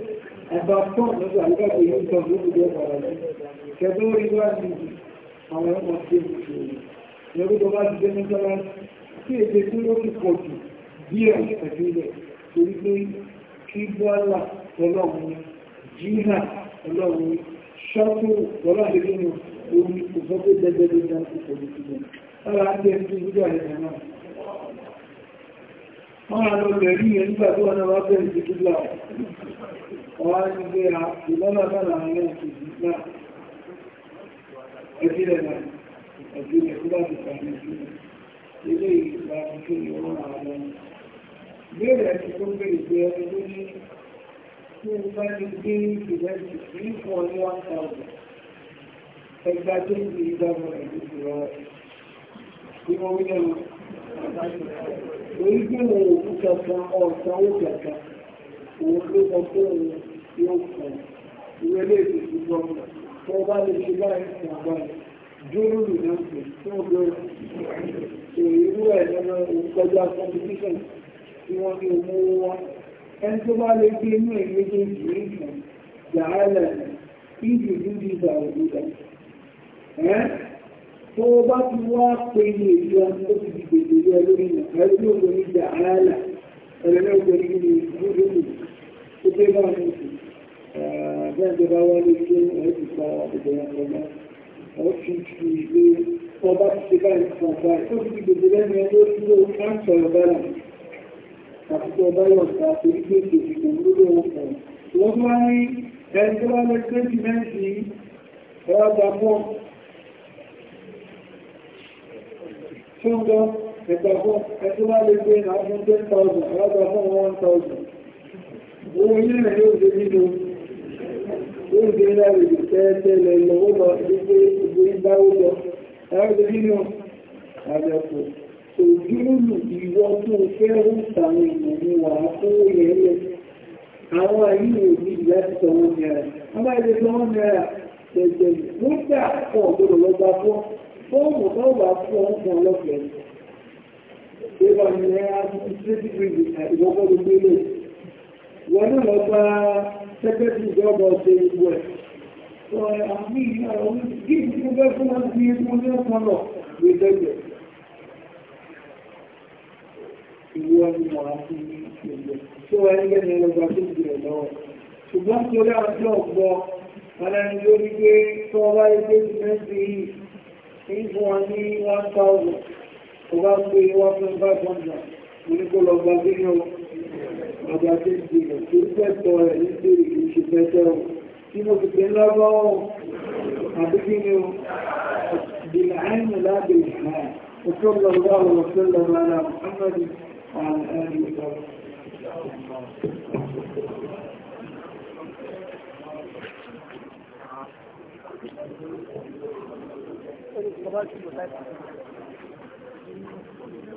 ẹ̀bà pọ̀ lọ́dọ̀ àgbàgbé yóò sọ ló kún bẹ́ẹ̀ bàrà lọ kẹtọ́ rí wá ní àwọn ọmọ tí ó ti ṣe ẹ̀rú tó bá ti dé ní sọ́lá tí èdè tí ó ti pọ̀ jù díẹ̀ ẹ̀fí rẹ̀ torí pé kí bọ́lá ọlọ́run jíhà ọlọ́run ṣọ́kú lọ́láṣẹ́ nínú omi kò sọ pé dẹ́gbẹ́dẹ́ ní àkókò ìpínlẹ̀ lára ń jẹ́ ní ìgbà ẹ̀rọ náà wọ́n á lọ bẹ̀rí yẹn nígbà ahụ. tí mo fẹ́ ti gbé ìrẹsì sí fún ọ ní one thousand ẹgbẹ́ tó ń gbé ìdájọ́ ẹ̀dùn ìrọ̀ tí wọ́n wí lẹ́nu èyí tí mo ò fún kankan ọ̀sán ó kankan òun ló sọ pé òun yóò kàn ìwé lè fi ṣùgbọ́n tó bá lè ṣe báyìí fún àgbáyé dúró lù náà pè tí ó lọ èrú ẹ̀ lọ́nà òun kọjá competition tí wọ́n ní owó wọn ẹni tó bá lè gbé inú ẹ̀yẹ́ tó ń jù ìfún yàrá ìjù lórí ìgbà òdúdà ẹ́ tó bá ti wá pé ní èyí ọdún tó ti dìbò ìdílé lórí ìgbà ẹgbẹ́ ní yàrá ẹlẹ́lẹ́ ògbẹ́ni ní ìlú tó dé bá ní ìsìn bẹ́ẹ̀ tó bá wọlé tó ẹ̀ pa ìbẹ̀rẹ̀ ọmọ ọ̀ fi fi ìgbé ọba ti ṣe báyìí fún ọba tó ti dìbò ìdílé ní ẹgbẹ́ tó ń àti tí ọba yóò gba torí pé kèjì kò ní lórí owó kan. Wọ́n tún wá ní ẹni tó bá lọ sí mẹ́ǹtì ẹwà gbàgbọ́. Tí ó ń lọ ẹgbàgbọ́ ẹni tó bá lè gbé àwọn ten thousand ẹwà gbàgbọ́ òjúlùmù ìwọ tó fẹ́ ń sàwọn èèyàn wà fún ilẹ̀ ilẹ̀ àwọn ayé òbí láti wọn náírà wọn bá ilé sọ wọn náírà jẹjẹ nígbà kan ògbọ́dọ̀ lọ́gbà fún fọ́ọ̀mù tó wà fún ọ̀hún kan lọ́fẹ̀ẹ́ ni ẹ̀ ìwé ọmọ àwọn fún ìgbẹ́ tí ó wà nígbẹ́ ní ọlọ́gbà tó ti rẹ̀ lọ́wọ́ ṣùgbọ́n tí ó dára tí ó gbọ́ alárin lórí pé tó ọba ilé ìmẹ́sì yìí ń fún wọn ní one thousand tó bá pé one point five hundred mo ní kó lọ gba gbé ní ọgbà tó ti rẹ̀ tó tẹ̀tọ̀ ní pé ìlú ṣe tí mo ti pè ń lọ́gbọ́ àbí وعن آل وصحبه Thank you.